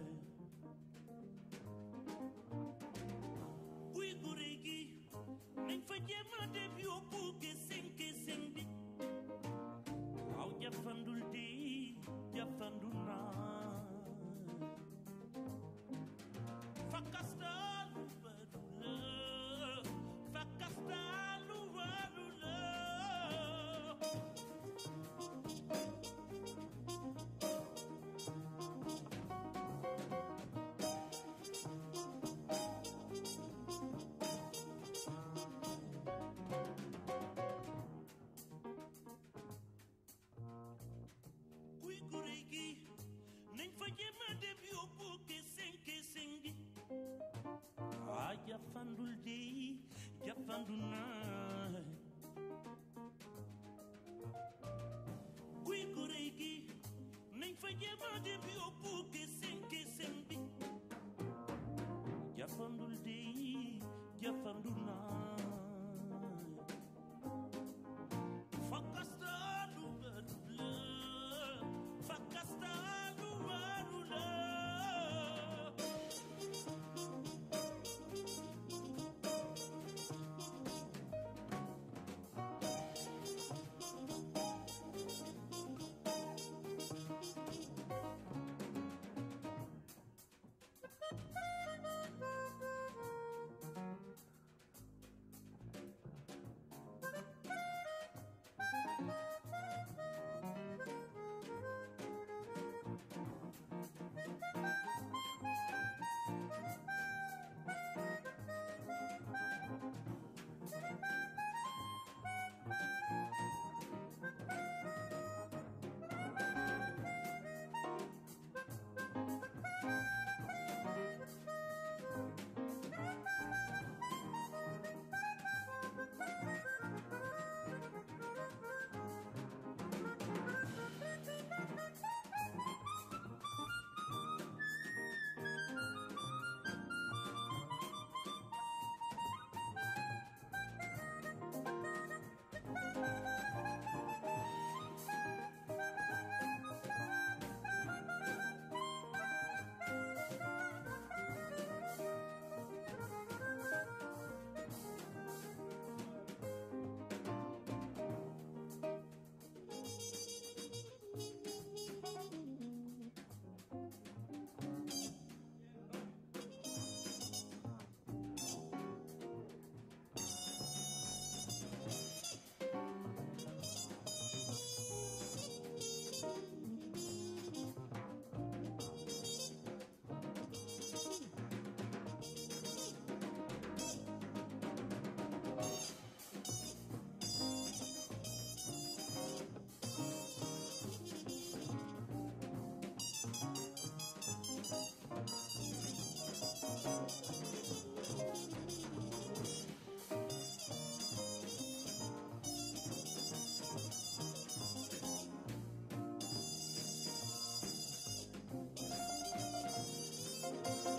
buy gore gi fa jefa jafandul dey jafandu naa guy gu rëy gi nañ fa jéema dem yóbbu gësëm gësëm bi jafandul dey jafandu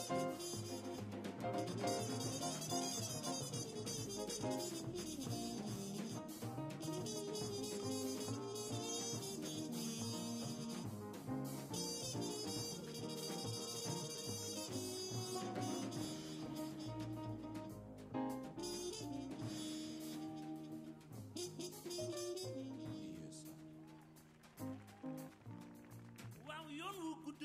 waaw yoon wu gudd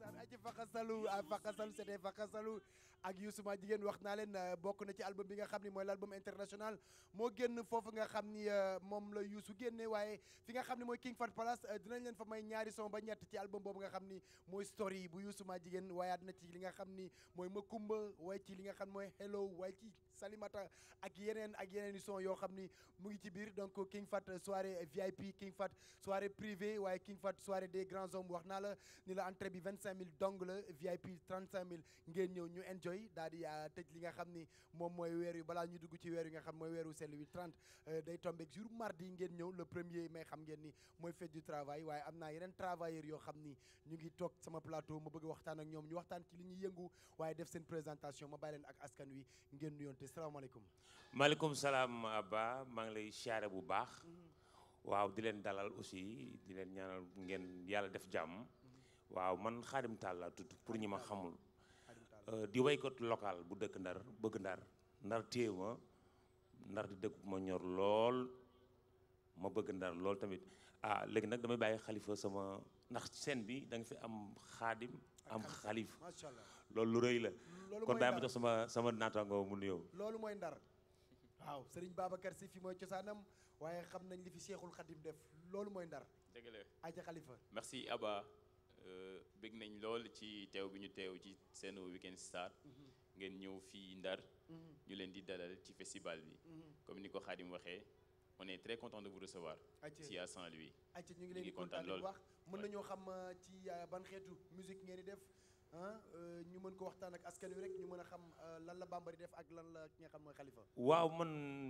ndeysaan aji faxasalu ah, faxasalu c'était faxasalu ak Youssou ma jigéen wax naa leen euh, bokk na ci album bi nga xam ni mooy l'album international moo génn foofu nga xam ni euh, moom la Youssou génne waaye fi nga xam ni mooy King Fat Palace euh, dina leen fa may ñaari son ba ñett ci album boobu nga xam ni mooy story bu Youssou ma jigéen waaye na ci li nga xam ni mooy Makumba waaye ci li nga xam mooy hello waaye ci Salimata ak yeneen ak yeneen i yoo xam ni mu ngi ci biir donc King Fat soirée VIP King Fat soirée privée waaye King Fat soirée des grands hommes wax naa la ni la entrée bi 25000 dong la VIP 35000 ngeen ñëw ñu enjoy daal di euh, tëj li nga xam ni moom mooy weer yu bala ñu dugg ci weer yu nga xam mooy weeru sell wi 30 euh, day tombeeg jour mardi ngeen ñëw le premier mai xam ngeen ni mooy fête du travail waaye am na yeneen travailleurs yoo xam ni ñu ngi toog sama plateau ma bëgg waxtaan ak ñoom ñu waxtaan ci li ñuy yëngu waaye def seen présentation ma bàyyi leen ak askan wi ngeen nuyoonte salaamaaleykum. maaleykum salaam Abba maa ngi lay siyaare bu baax. waaw di leen dalal aussi di leen ñaanal ngeen yàlla def jàmm. waaw man Xaadim Tall laa tudd pour ñi ma xamul. Euh, di way ko local bu dëkk ndar bëgg ndar ndar téye ma ndar di dëkk ma ñor lool ma bëgg ndar lool tamit ah léegi nag damay bàyyi xalifa sama ndax scène bi da nga fi am xaadim am xalif macha allah loolu lu rëy la kon bàyyi ma jox sama sama naataangoo mu nuyoo loolu mooy ndar waaw sëriñ Babacar si fi mooy cosaanam waaye xam nañ li fi Seexul Xadim def loolu mooy ndar dëgg la xalifa merci Abba euh, bëgg nañ lool ci teew bi ñu teew ci seen Weekend Star mhm. ngeen ñëw fii ndar mhm. ñu leen di dalal ci festival bi mhm. comme ni ko Xadim waxee on est très content de vous recevoir ici à Saint-Louis ñu ngi leen di kontaan lool mën nañoo xam euh, ci euh, ban xeetu musique ngeen di def ah ñu mën ko waxtaan ak askan wi rek ñu mën a xam lan la Bambara def ak lan la ki xam mooy Khalifa. waaw man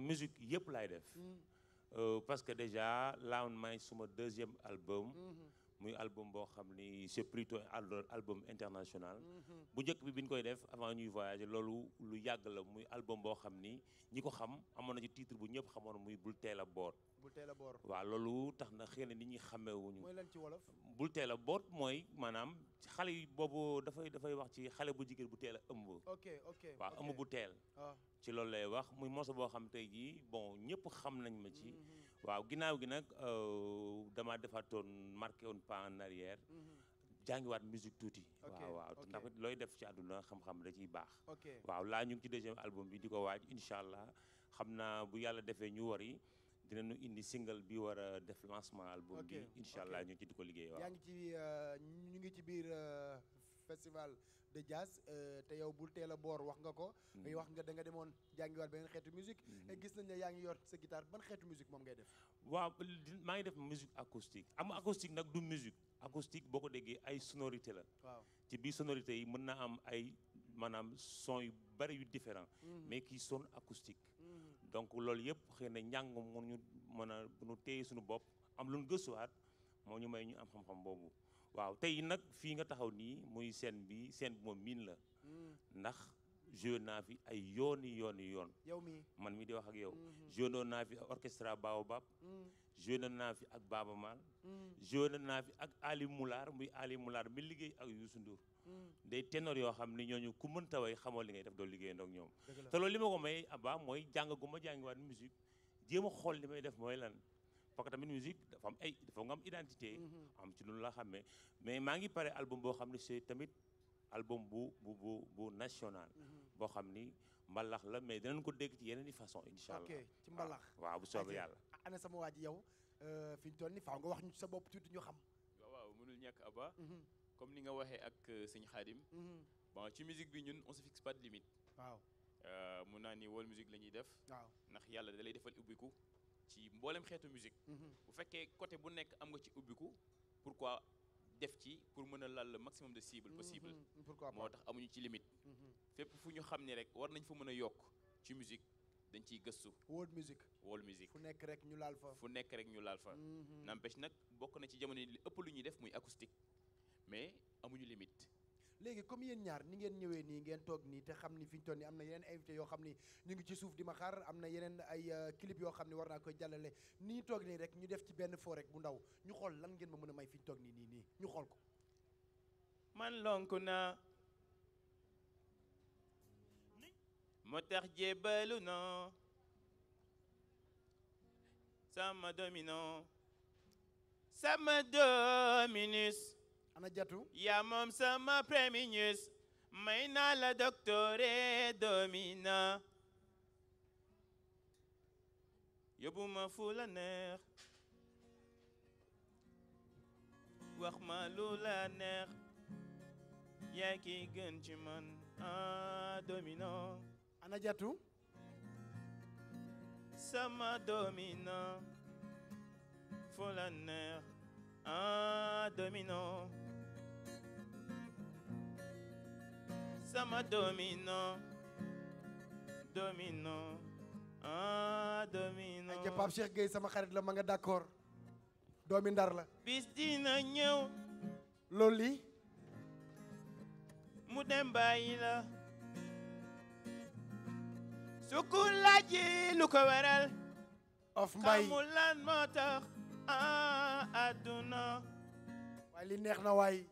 musique yëpp laay def. Mm. parce que déjà là on may suma deuxième album. Mm-hmm. muy album boo xam ni c'est plutôt album international. Mm-hmm. bu njëkk bi bi ñu koy def avant ñuy voyager loolu lu yàgg la muy album boo xam ni ñi ko xam amoon na ci titre bu ñëpp xamoon muy bul teela a boot. teel a boot waaw loolu tax na xëy na nit ñi xamewuñu mooy ci wolof. bul teel a boot mooy maanaam xale yi boobu dafay dafay wax ci xale bu jigéen bu teel a ëmb. ok ok waaw ëmb bu teel. Ah. ci loolu lay wax muy morceau boo xam tey jii bon ñëpp xam nañ ma ci. Mm-hmm. waaw ginnaaw gi nag euh, dama defaatoon marqué woon pas en arrière. Mhm. jàngiwaat musique tuuti. waaw waaw ndax looy def ci àdduna xam-xam da ciy baax. waaw laa ñu ngi ci deuxième album bi di ko waaj incha allah xam naa bu yàlla defee ñu wari dinañu indi single bi war a def lancement album bi. incha allah ñu ngi ci di ko liggéey waaw. de jazz euh, te yow bul teel a boor wax nga ko. Mm. wax nga da nga demoon jàngiwaat beneen xeetu musique. Mm-hmm. gis nañ ne yaa ngi yor sa guitare ban xeetu musique moom ngay def. waaw maa ngi def musique acoustique am acoustique nag du musique boo ko déggee ay sonorité la. waaw ci biir sonorité yi mën naa am ay maanaam son yu bari différent mm-hmm. mais qui sonne acoustique. Mm-hmm. donc loolu yëpp xëy na njàng mu ñu mën a bu téye suñu bopp am lu ñu gëstuwaat moo ñu may ñu am xam-xam boobu. waaw tey nag fii nga taxaw nii muy seen bi seen bi moom miin la hmm. ndax joué naa fi ay yooni yooni yoon yow mi man mii di wax ak yow hmm. joué naa fi ak orchestre Baobab hmm. joué naa fi ak Baaba Maal joué naa fi ak Ali Moulaar muy Ali Moulaar mi liggéey ak Youssou Ndour day ténor yoo xam ne ñooñu ku mënta way xamoo li ngay def doo liggéey ndoog ñoom te lool li ma ko may Abba mooy jàng gu ma jàngiwaat musique jéem xool li may def mooy lan parce que dafa ay dafa am identité. Mhm. am ci loolu la xam ne mais maa ngi pare album boo xam ne c'est tamit album bu bu bu bu national. Mhm. boo xam ni mbalax la mais dinañ ko dégg ci yeneen i façon incha allah. ok ci mbalax waaw bu soobee yàlla. ana sama waa ji yow euh, fi ñu toll nii faaw nga wax ñu sa bopp tuuti ñu xam. waaw mënul ñàkk Abba. Mhm. comme ni nga waxee ak euh, sëñ Xaadim. bon ci musique bi ñun on se fixe pas de limite. waaw euh, mun naa ni wol musique la ñuy def. ndax yàlla da lay defal ubbiku. ci mboolem xeetu musique mhm. bu fekkee côté bu nekk am nga ci ubbiku pour pourquoi def ci pour mën a lal le maximum de cible mhm. possible moo tax amuñu ci limite mhm. fépp fu ñu xam ne rek war nañ fa mën a yokk ci musique dañ ciy gëstu world music world fu nekk rek ñu laal fa fu nekk rek ñu laal fa n'empêche nag bokk na ci jamono li ëpp lu ñuy def muy acoustique mais amuñu limite léegi comme yéen ñaar ni ngeen ñëwee nii ngeen toog nii te xam ni fi ñu toll nii am na yeneen invité yoo xam ni ñu ngi ci suuf di ma xaar am na yeneen ay euh, clip yoo xam ni war naa koy jàllale ni ñu toog nii rek ñu def ci benn foo rek bu ndaw ñu xool lan ngeen ma mën a may fi ñu toog nii nii ñu xool ko man lonk naa moo tax jébalu na sama domino sama dominus ana jatu yaa moom sama premier may naa la doctoré domina yóbbu ma fu la neex wax ma lu la neex yaa ki gën ci man ah domina ana jatu sama domina fu la neex ah domina sama domino domino ah domino. ay Pape Cheikh Gueye sama xarit la ma nga d'accord doomi ndar la. mu dem bàyyi la. sukul laaj lu ko waral. of mbay xamul lan moo tax ah adduna. waaye li neex na waay.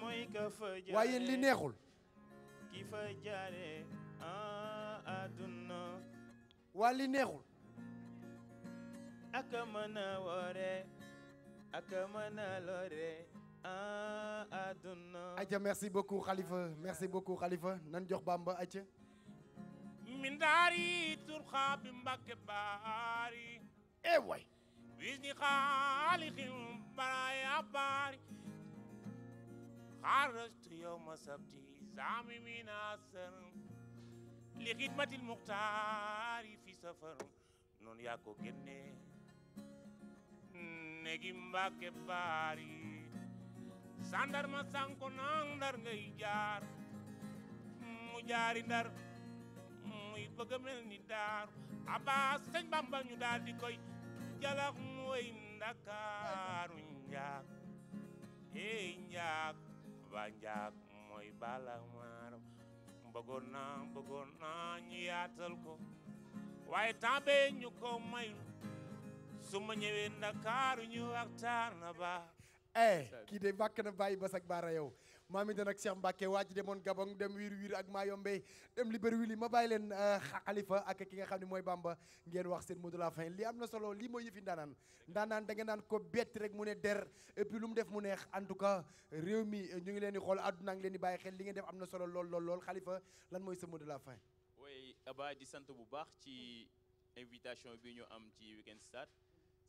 mooy ka fa li neexul ki fa jaare ah, àdduna waa li neexul aka mën a woore aka mën a loore ah, àdduna aja merci beaucoup Khalifa merci beaucoup nan jox Bamba aja mindaari turxa bi Mbàkke baari e eh, way ni xaali baraaya baari خرجت يوم سبتي زعمي من السر لخدمة المختار في سفر noonu yaa ko génne néegi Mbàkke baari sandarma sanko nang ndar ngay jaar mu jaari ndar muy bëgg a mel ni daar aba sëñ Bamba daal di koy jalax mooy ndakaaru njaag ey njaag ba njaag mooy bala maaram bëggoon naa bëggoon naa ñu yaatal ko waaye temps bee ñu ko mayu su ma ñëwee ndakaaru ñu waxtaan na ba eh kii de bàkk na bàyyi basak baara yow maam idan ak Cheikh Mbacke waa ji demoon Gabon dem wiir wiir ak Mayombe dem Libreville ma bàyyi leen xalifa euh, ak ki xam ne mooy Bamba ngeen wax seen mot de la fin li am na solo lii mooy yëfi ndaanaan ndaanaan naan ko bett rek mu ne lu mu def mu neex en tout cas réew mi euh, ñu ngi leen di xool àdduna leen di bàyyi xel li ngeen def am na solo lool lool lool xalifa lan mooy sa mot de la fin. oui Aba di sant bu baax ci invitation bi ñu am ci Weekend Stars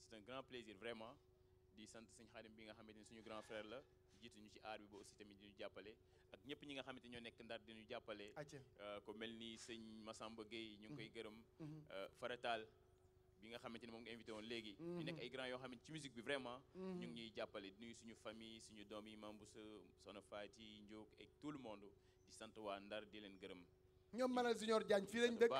c'est un grand plaisir vraiment di sant sëñ Xaadim bi nga xamante ni suñu grand frère la. jiitu ñu ci aar bi ba aussi tamit di jàppale ak ñëpp ñi nga xamante ñoo nekk ndar di ñu jàppale. Euh, ko mel ni sëñ Massamba Gueye ñu ngi koy mm-hmm. gërëm. Mm-hmm. Euh, Faratal bi nga xamante ne moom nga léegi. Mm-hmm. ñu ay grands yoo xamante ci musique bi vraiment. ñu ngi ñuy jàppale di nuyu suñu famille suñu doom yi Mambousa Soxna Faati Ndiok ak tout le monde sant waa ndar di leen gërëm. ñoom Malal Junior Diagne fii lañ dëkk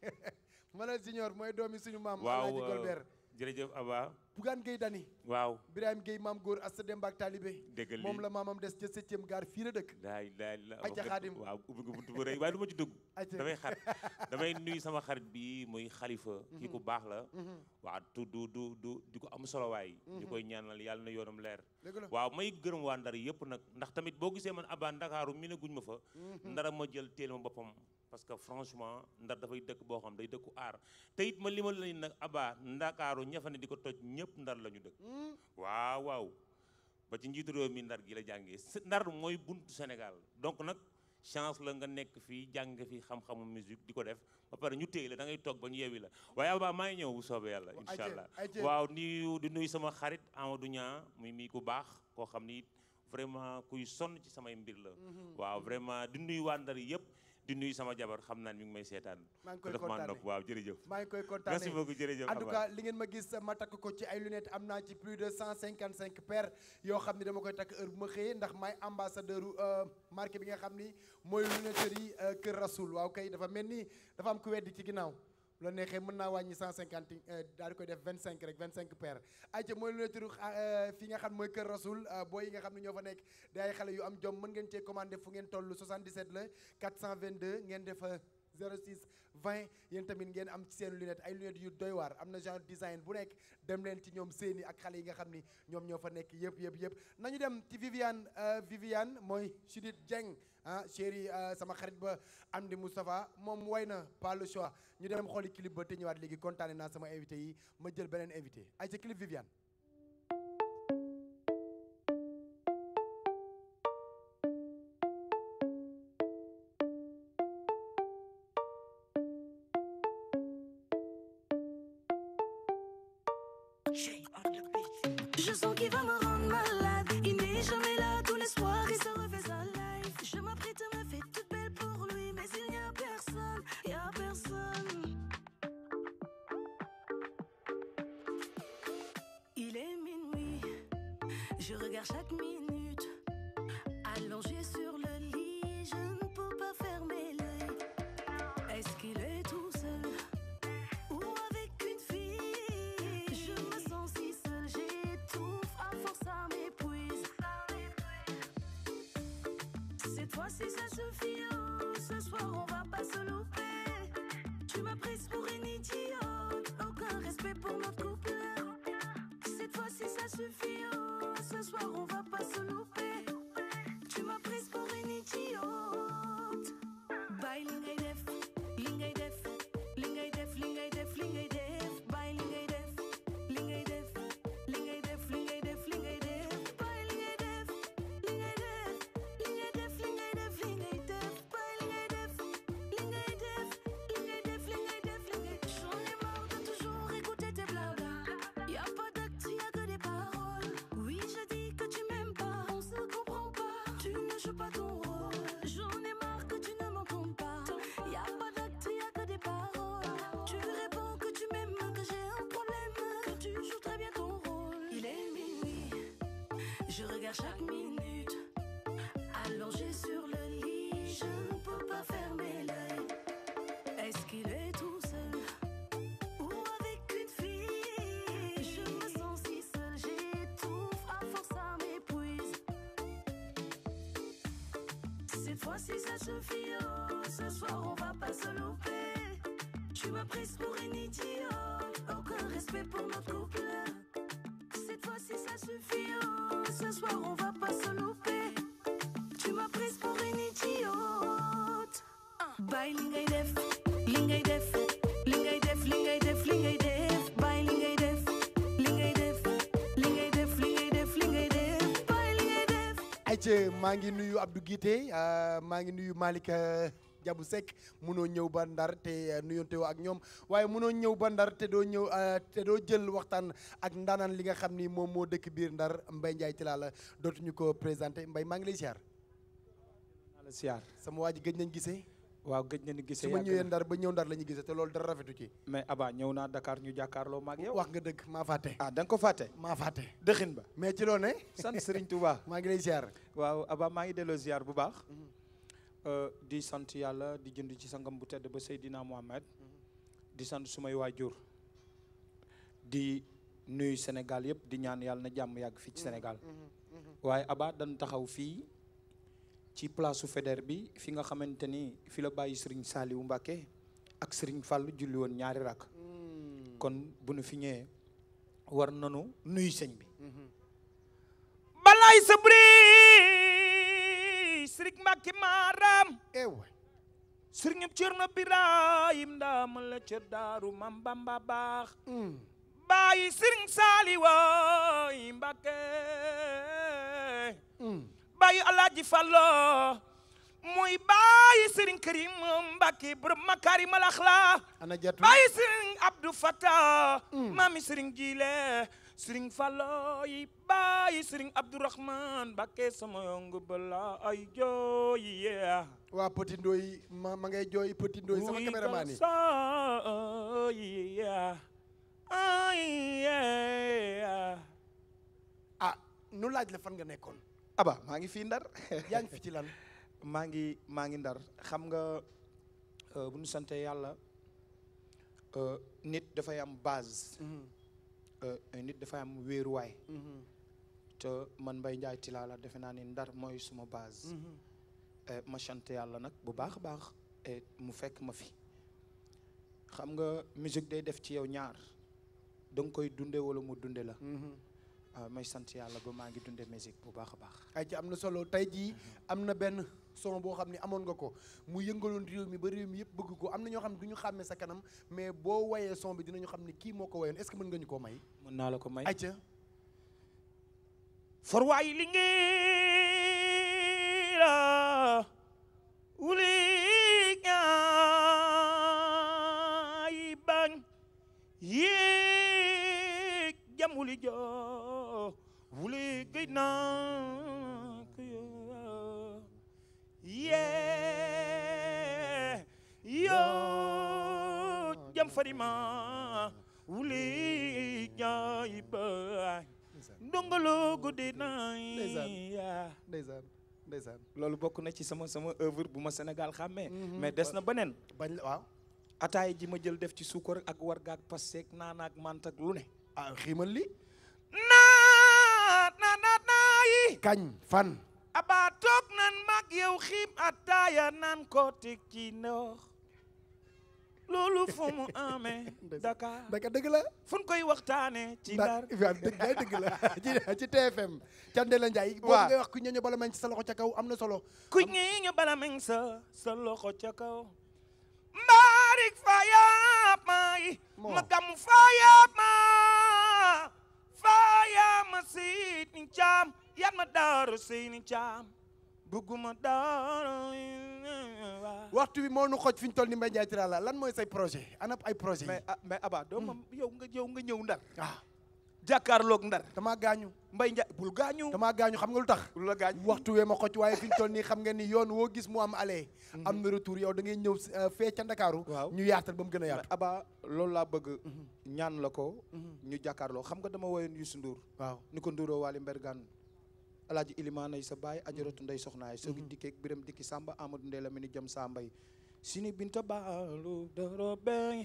Malal Junior mooy doomi suñu maam. waaw euh, jërëjëf Aba Bougane Gueye Dany waaw Birahim Gueye maam góor Assa Demba ak Talibé dëgg la moom la maamam des ca septième gaar fii la dëkk laa ilaaha illallaah aca xaadim waaw ubbi nga buntu bu rëy waaye du ma ci dugg damay xar damay nuyu sama xarit bi muy xalifa kii ku mhm. baax la mhm. waaw tu du du du di ko am solo waay ñu mhm. koy ñaanal yàlla na yoonam leer waaw may gërëm waa ndar yëpp nag ndax tamit boo gisee man abaa ndakaaru mi ne guñ ma fa ndara ma jël téel ma boppam parce que franchement ndar dafay dëkk boo xam day dëkku aar te it ma limal lañu nag abaa ndakaaru ñafa ne di ko toj ñëpp ndar la ñu dëkk hmm. waaw waaw ba ci njiitu réew mi ndar gi la jàngee ndar mooy buntu Sénégal donc nag chance la nga nekk fii jàng fii xam-xamu musique di ko def ba pare ñu téye la da ngay toog ba ñu yewi la waaye abaa maa ngi ñëw bu soobee yàlla incha allah waaw ni di nuyu sama xarit Amadou Niang muy mii ku baax koo xam ni vraiment kuy sonn ci samay mbir la hmm. waaw vraiment di nuyu waa yëpp di nuyu sama jabar xam naa ni may seetaan. maa ngi koy kontaanee daf waaw jërëjëf. maa ngi koy kontaanee merci beaucoup jërëjëf. li ngeen ma gis ma takk ko ci ay lunettes am naa ci plus de 155 paires yoo xam ni dama koy takk heure bu ma xëyee ndax maay ambassadeur euh, marque bi nga xam ni mooy lunetterie euh, Kër Rasoul waaw kay dafa mel ni dafa am ku weddi ci ginnaaw. loolu neexee mën naa wàññi cent cinquante euh, daal di koy def vingt cinq rek vingt cinq paires ayca mooy lu ne turu ah, euh, fi nga xam mooy Kër Rasoul euh, booy yi nga xam ne ñoo fa nekk day ay xale yu am jom mën ngeen cee commandé fu ngeen toll 77 la 422 ngeen def 06 20 yéen tamit ngeen am ci seen lunette ay lunettes yu doy waar am na genre design bu nekk dem leen ci ñoom seeni ak xale yi nga xam ni ñoom ñoo fa nekk yëpp yëpp yëpp nañu dem ci Viviane Viviane mooy Judith Dieng ah chéri ah, sama xarit ba Amdi Moustapha moom way na pas le choix ñu dem xooli clip ba te ñëwaat léegi kontaane naa sama invité yi ma jël beneen invité ay ca clip Viviane Je regarde chaque minute, allongé sur le lit, je ne peux pas fermer l'œil. Est-ce qu'il est tout seul ou avec une fille Je me sens si seule, j'étouffe, à force ça m'épuise. Cette fois-ci ça suffit, oh, ce soir on va pas se louper. Tu m'as prise pour une idiote, aucun respect pour notre couple. ce soir, on va pas se louper. Tu m'as prise pour une idiote. Bye, lingay def, lingay def, lingay def, lingay def, lingay def. Bye, lingay def, lingay def, lingay def, lingay def, lingay def. Bye, lingay def. Aïe, maa ngi nuyu Abdou Guité, ah, maa ngi nuyu Malick ah, Diabou Seck. mënoo ñëw ba ndar te eh, nuyonte woo ak ñoom waaye mënoo ñëw ba ndar te doo ñëw eh, te doo jël waxtaan ak ndaanaan li xam ni moom moo dëkk biir ndar Mbaye Ndiaye Tilala dootuñu ko présenté Mbaye maa ngi lay siyaar. la siyaar sama waa ji gëj nañ gisee. waaw gëj nañu gisee ma ndar ba ñëw ndar la ñu gisee te loolu dara rafetu ci. mais Aba ñëw naa Dakar ñu jàkkaarloo maag yow. wax nga dëgg maa fàtte. Ah, danga ko fàtte. maa fàtte dëxin ba. mais ci loo ne. sant Serigne Touba. maa ngi lay ziar. waaw Aba maa ngi delloo ziar bu baax. Mhm. Euh, di sant yàlla di jënd ci sangam bu tedd ba Seydina Mohamed di sant sumay waajur di nuyu Sénégal yëpp di ñaan yàlla na jàmm yàgg fii ci Sénégal waaye taxaw fii ci place su bi fi nga xamante ni fi la bàyyi Serigne Saliou Mbacké ak Serigne fàll julli woon ñaari rakk kon bu nu fi ñëwee war nanu nuyu sëñ bi mm-hmm. balaay sabri Sëriñ Mbàkke Maram ewa Sëriñ Cerno Birahim ndam la ca Daaru Mam Bamba baax mm. bàyyi Sëriñ Saali waay Mbàkke mm. bàyyi Alaaji Fallo mooy bàyyi Sëriñ Karim Mbàkke borom Makaarimal Axlaaq ana jatu bàyyi Sëriñ Abdou mm. Jiile sëriñ Fallo yi bàyyi sëriñ Abdourahman Bakke sama yongu bala ay jooyi yeah. waa Petit Ndoye ma ma ngay jooy Petit sama caméraman yi so yeah. ay ah, nu laaj la fan nga nekkoon aba maa ngi fii ndar yaa ngi ci lan maa ngi maa ngi ndar xam nga euh, bu ñu sante yàlla euh, nit dafay am base mm-hmm. Euh, nit dafa am wéeruwaay. Mm-hmm. te man Mbaye Ndiaye Tilala la defe naa ni ndar mooy suma base. Mm-hmm. Euh, ma sant yàlla nag bu baax a baax mu fekk ma fi xam nga musique day def ci yow ñaar da koy dunde wala mu dunde la. Mm-hmm. Euh, may sant yàlla ba maa ngi dunde musique bu baax a baax ay ci am na solo tey jii am na benn son boo xam ne amoon nga ko mu yëngaloon réew mi ba réew yëpp bëgg ko am na ñoo xam ne du ñu xàmmee sa kanam mais boo woyee son bi dinañu xam ne kii moo ko woyoon est-ce que mën nga ñu naa la ko may ayca for waay joo wuli gëj naa ko yoo yee jam farima wuli jaay ba ndongolo guddi naa loolu bokk na ci sama sama œuvre bu ma Sénégal xàmmee mhm. mais des na beneen bañ waaw ataay ji ma jël def ci suukor ak wargaak pasteek naanaak mantak lu ne ah xiimal yi kañ fan aba toog nan mag yow xiim ataaya nan ko teg ci ndox loolu fu mu amee Dakar Dakar dëgg la fun koy waxtaane ci Ndar waaw dëgg la dëgg la ci TFM Candela Ndiaye boo ngay wax ku bala meñ sa loxo ca kaw am na solo ku ñëñu bala meñ sa sa loxo ca kaw mbaarik faya may magam faya may yaama Seyni Thiam yat ma daaru Seyni Thiam bugguma daaru waxtu bi moo nu xooj fi ñu toll ni Mbaye Ndiaye Talla lan mooy say projet ana ay projet mais mais Aba doo ma nga yow nga ñëw ndar waaw jàkkaarloog ndar damaa gaañu mbay nja bul gaañu damaa gaañu xam nga lu tax lu la gaañ waxtu wee ma xoj waaye fi ñu toll nii xam nga ni yoon woo gis mu am allé mhm. am na retour yow da ngay ñëw euh, fee ca Ndakaaru waaw ñu yaatal ba mu gën a yaatu aba loolu laa bëgg mhm. ñaan la ko mhm. ñu jàkkaarloo xam nga dama woyoon Youssou Ndour waaw ni ko Ndouroo Waly Mbergane alaaji ilimaanay sa baay ajaratu ndey soxnaay soogi dikkeeg biram dikki samba amadou ndey la mi ni jëm sambay sini binta baalu doro beng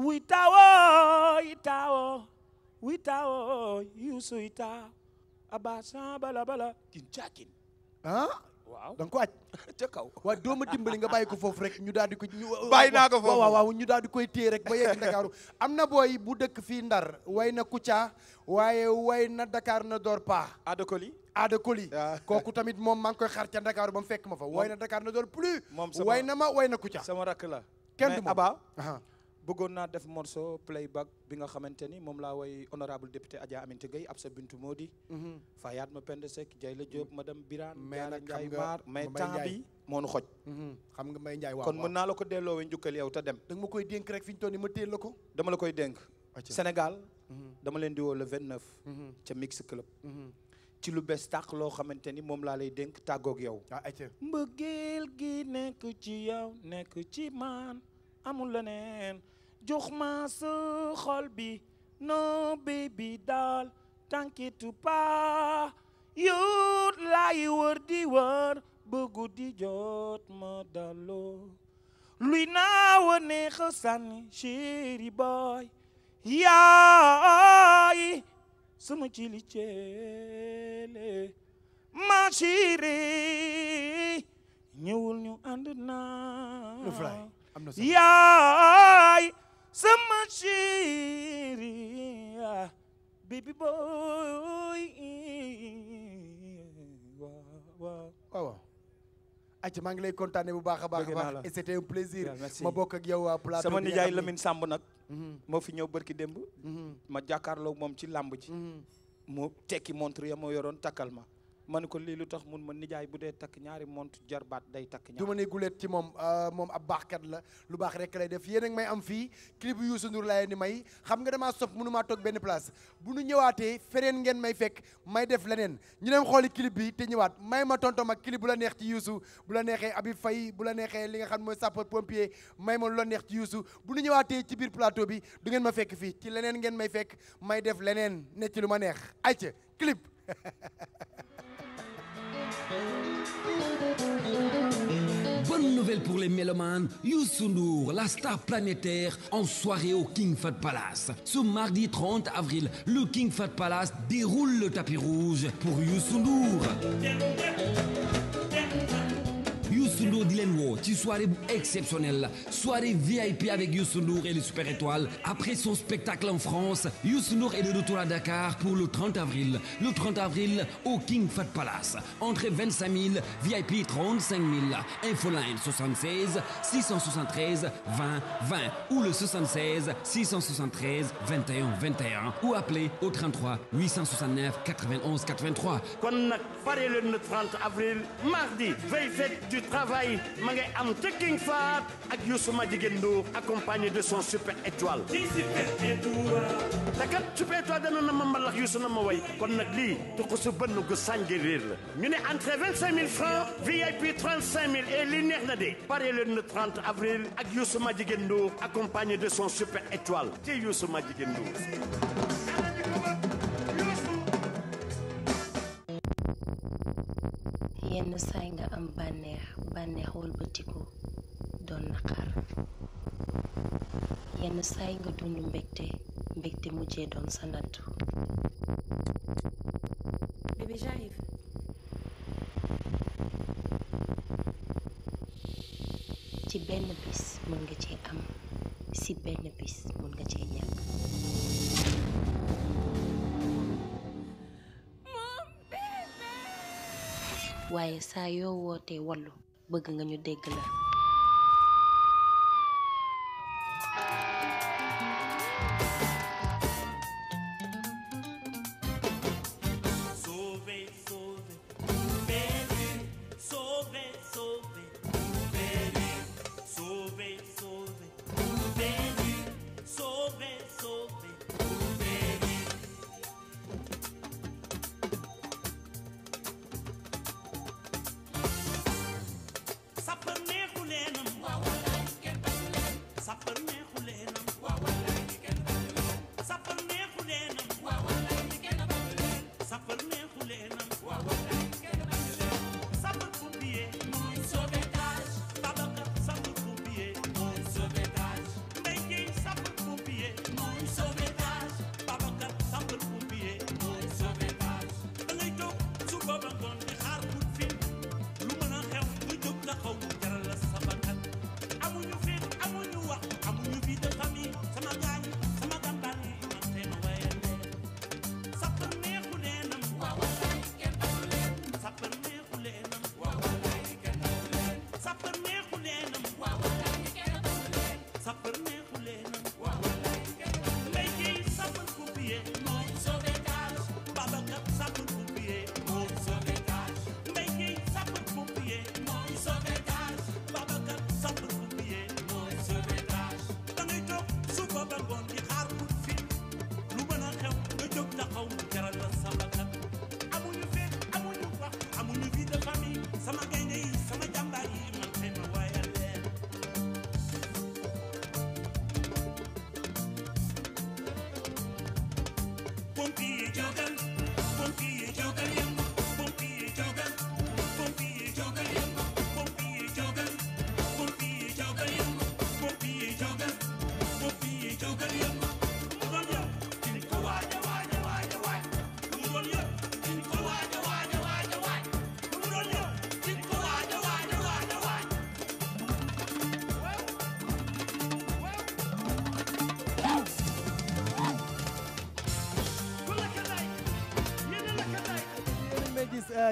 wuy taawoo yi taawoo wita o oh, oh, oh, yusu ita abasa bala bala kin cakin ah waaw da dooma dimbali nga bàyyi ko foofu rek ñu daal di ko bàyyi naa ko ñu daal di koy téye rek ba yegg Ndakaaru am na booy bu dëkk fii Ndar way na Kouthia waaye way na Dakar na door paax Ada Coly Ada Coly ah. kooku tamit moom maan koy xar ca Ndakaaru ba mu fekk ma fa way na Dakar na door plus way na ma way na Kouthia sama rakk la kenn du ma Abba bëggoon naa def morceau playback bi nga xamante moom laa way honorable député Adja Aminata Gueye Absa Bintou Mody. Mhm. Fayad ma Penda Seck Dieyla Diop mm. madame Birane. mais nag xam nga mais temps bi moo nu xoj. Mhm. xam nga Mbaye Ndiaye waaw kon mën naa la ko delloowe njukkal yow te dem. da nga ma koy dénk rek fi ñu toll nii ma téel la ko. dama la koy dénk. Sénégal. Mhm. dama leen di la le 29. ca Mix Club. ci lu bees tàq loo xamante ni moom laa lay dénk tàggoog yow. ah gi nekk ci yow nekk ci man amul leneen. jox ma sa xol bi no baby daal tànkitu paa yóot laay wër di wër bëggu di jot ma daloo luy naa wa neexa sànni chéri boy yaay sama cili ceele ma chéri ñëwul ñu ànd naa yaay baby maa ngi lay kontaane bu baax a baax a baax et c'était un plaisir ma bokk ak yow plateau sama nijaay Lamine Samb nag mhm. moo fi ñëw bërki demb mhm. ma jàkkaarloog moom ci làmb ci mhm. mu tekki montre ya yoroon takkal ma ma ne ko lii lu tax mun ma nijaay bu dee takk ñaari mont jarbaat day takk ñaar du ma ne guleet ci moom euh, moom ab baaxkat la lu baax rek lay def yéen a ngi may am fii clip yu Youssou Ndour laa leen di may xam nga damaa sopp mënumaa toog benn place bu nu ñëwaatee feneen ngeen may fekk may def leneen ñu dem xooli clip bi te ñëwaat may ma tontom ak clip bu la neex ci Youssou bu la neexee Habib Faye bu la neexee li nga xam mooy sapeur pompier may ma lu la neex ci Youssou bu nu ñëwaatee ci biir plateau bi du ngeen ma fekk fii ci leneen ngeen may fekk may def leneen ne ci lu ma neex ayca clip Bonne nouvelle pour les mélomanes, Youssou Ndour, la star planétaire, en soirée au King Fat Palace. Ce mardi avril, le King Fat Palace déroule le tapis rouge pour Youssou Youssou Ndour di leen woo ci soirée VIP avec Youssou et les Super Étoiles après son spectacle en France Youssou Ndour est de retour à Dakar pour le 30 avril le 30 avril au King Fat Palace entrée 25 000 VIP ou le ou appelez au 33 869 91 le avril mardi veille fête du travail. waaye ma ngay am te King Fahd ak Youssouma Jigéen Ndour accompagné de son super étoile. ci super étoile. te dana na ma mbalax Youssou na ma way kon nag lii tuq su bënn gu sànge réer la. ñu ne entrée vingt cinq mille francs VIP trente cinq mille et li neex na de. pare leen le 30 avril ak Youssouma Jigéen Ndour accompagné de son super étoile ci Youssouma Jigéen Ndour. yenn saay nga am bànneex bànneex wëlbatiku doon naqar yenn saay nga ci benn bis mën nga ci am si benn bis mën nga ci ñàkk waaye saa yoo wootee wallu bëgg nga ñu dégg la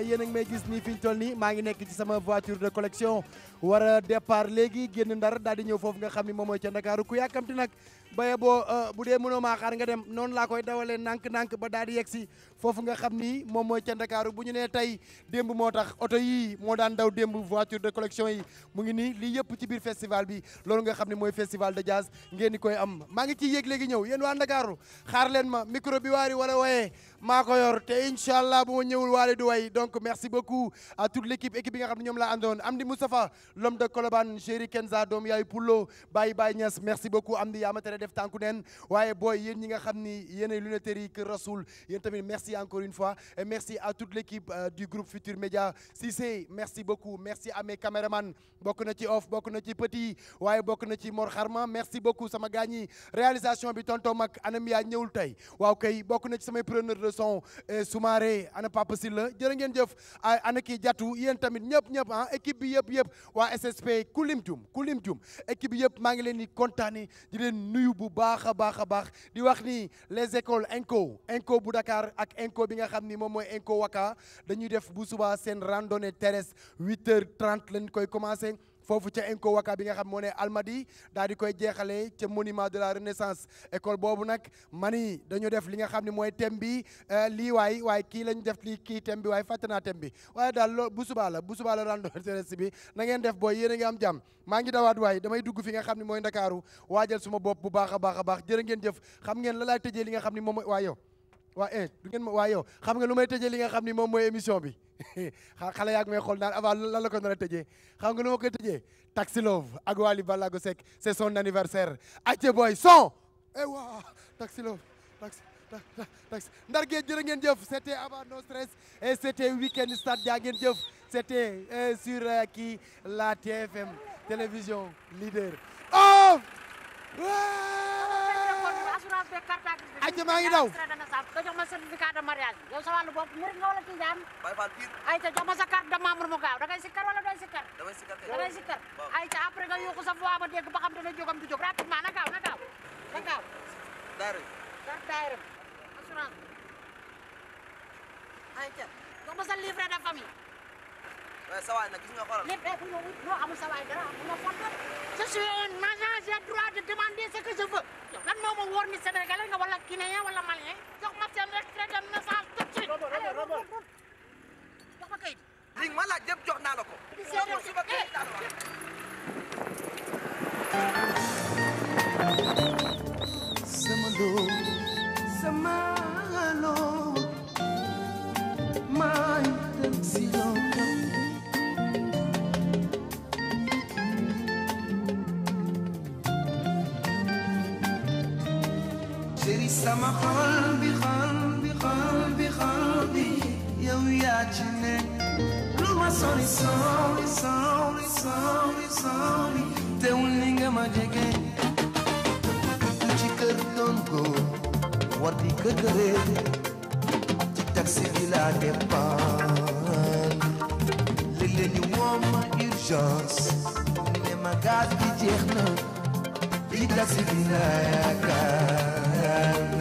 yéen a ngi may gis nii fi ñu toll nii maa ngi nekk ci sama voiture de collection war départ léegi génn ndar daal di ñëw foofu nga xam ni moom mooy ca Ndakaaru ku yàkkamti nag baye boo euh, bu dee mënoo maa xaar nga dem noonu laa koy dawalee nànk-nànk ba daal di yegg si foofu nga xam ni moom mooy ca Ndakaaru bu ñu nee tey démb moo tax oto yii moo daan daw demb voiture de collection yi mu ngi nii lii yëpp ci biir festival bi loolu nga xam ne mooy festival de jazz ngeen koy am maa ngi ciy yéeg léegi ñëw yéen waa Ndakaaru xaar leen ma micro bi waari wala wooyee maa ko yor te incha allah bu ma ñëwul waale du way donc merci beaucoup à toute l' équipe équipe nga xam ne ñoom la àndoon Amdi Moustapha l'homme de Colobane chéri Kenza doom yaay Poulo Baye Baye Niass merci beaucoup Amdi yaa ma tere def tànku neen waaye booy yéen nga xam ni yéenay lunetteer yi Kër Rasoul yéen tamit merci encore une fois et merci à toute l' équipe euh, du groupe Futur Média Cissé merci beaucoup merci à mes man bokk na ci off bokk na ci petit waaye bokk na ci Mor Xarma merci beaucoup sama gaañi réalisation bi tonton mag anam yaa ñëwul tey waaw kay na ci samay le son eh, sumaaree ana Papa la jërë ngeen jëf ana kii jatu yéen tamit ñëpp ñëpp ah équipe bi yëpp yëpp waa SSP ku lim jum ku lim jum équipe bi yëpp maa ngi leen di kontaane di leen nuyu bu baax a baax a baax di wax ni les écoles ENCO ENCO bu Dakar ak ENCO bi nga xam ni moom mooy inko Waka dañuy def bu subaa seen randonnée terrestre 8h30 lañ koy commencé foofu ca Enco Waka bi nga xam moo ne Almadi daal di koy jeexalee ca monument de la renaissance école boobu nag mani dañu def li nga xam ni mooy thème bi euh, lii waay waaye kii lañ def lii kii thème bi waaye fàtte naa thème bi daal loolu bu subaa bu subaa la rendoteresi bi na ngeen def booy yéen a ngi am jàmm maa ngi dawaat waay damay dugg fi nga xam ne mooy Ndakaaru waajal suma bopp bu baax a baax a baax jërë ngeen jëf xam ngeen la laay tëjee li nga xam ni moom mooy waa waa eh du xam nga lu may tëjee li nga xam ni moom mooy émission bi xale yaag may xool naan avant lan la ko nar a tëjee xam nga lu ma koy tëjee Taxi Love ak Wally Ballago Seck c'est son anniversaire acce boy son eh waa Taxi Love taxi taxi ndar ngeen jërë ngeen jëf c'était avant no stress et c'était week-end stade jaa ngeen eh, sur kii euh, la TFM télévision leader of assurance beeg carte grise bi. ayca maa ngi daw nga jox ma certificat de mariage yow sa wàllu bopp murit nga wala tijaan. Baay Faal biir. ayca jox ma sa carte de membre mu gaaw da ngay sikkar wala dooy sikkar. damay sikkar kay damay sikkar. waaw ayca après nga yuuxu sa voix ba dégg ba xam dana jógam du jóg rapidement na gaaw na gaaw na gaaw. daayira. carte daayira assurance. ayca jox ma sa livret de famille. waaye euh, sa waay nag gis nga xoolal. lépp rek pour nga wut loo amul sa waay dara am nga fottal. je suis un agent j'ai droit de demander ce que je veux. lan moo ma wóor ni sénégalais nga wala guinéen wala malien. jox ma seen retrait de naissance tout de suite. allez robo robo jox ma kayit. li ma laaj yëpp jox naa la ko. Eh. sama doom sama loom maa ngi dem si yoon sama xol bi xol bi xol bi xol bi lu ma sori sori sori sori sori teewul ma jege ci kër doon góor war di këkkëree ci taxi bi laa départ léeg-léeg ñu woo ma urgence ne ma gaz bi jeex na ci taxi bi laa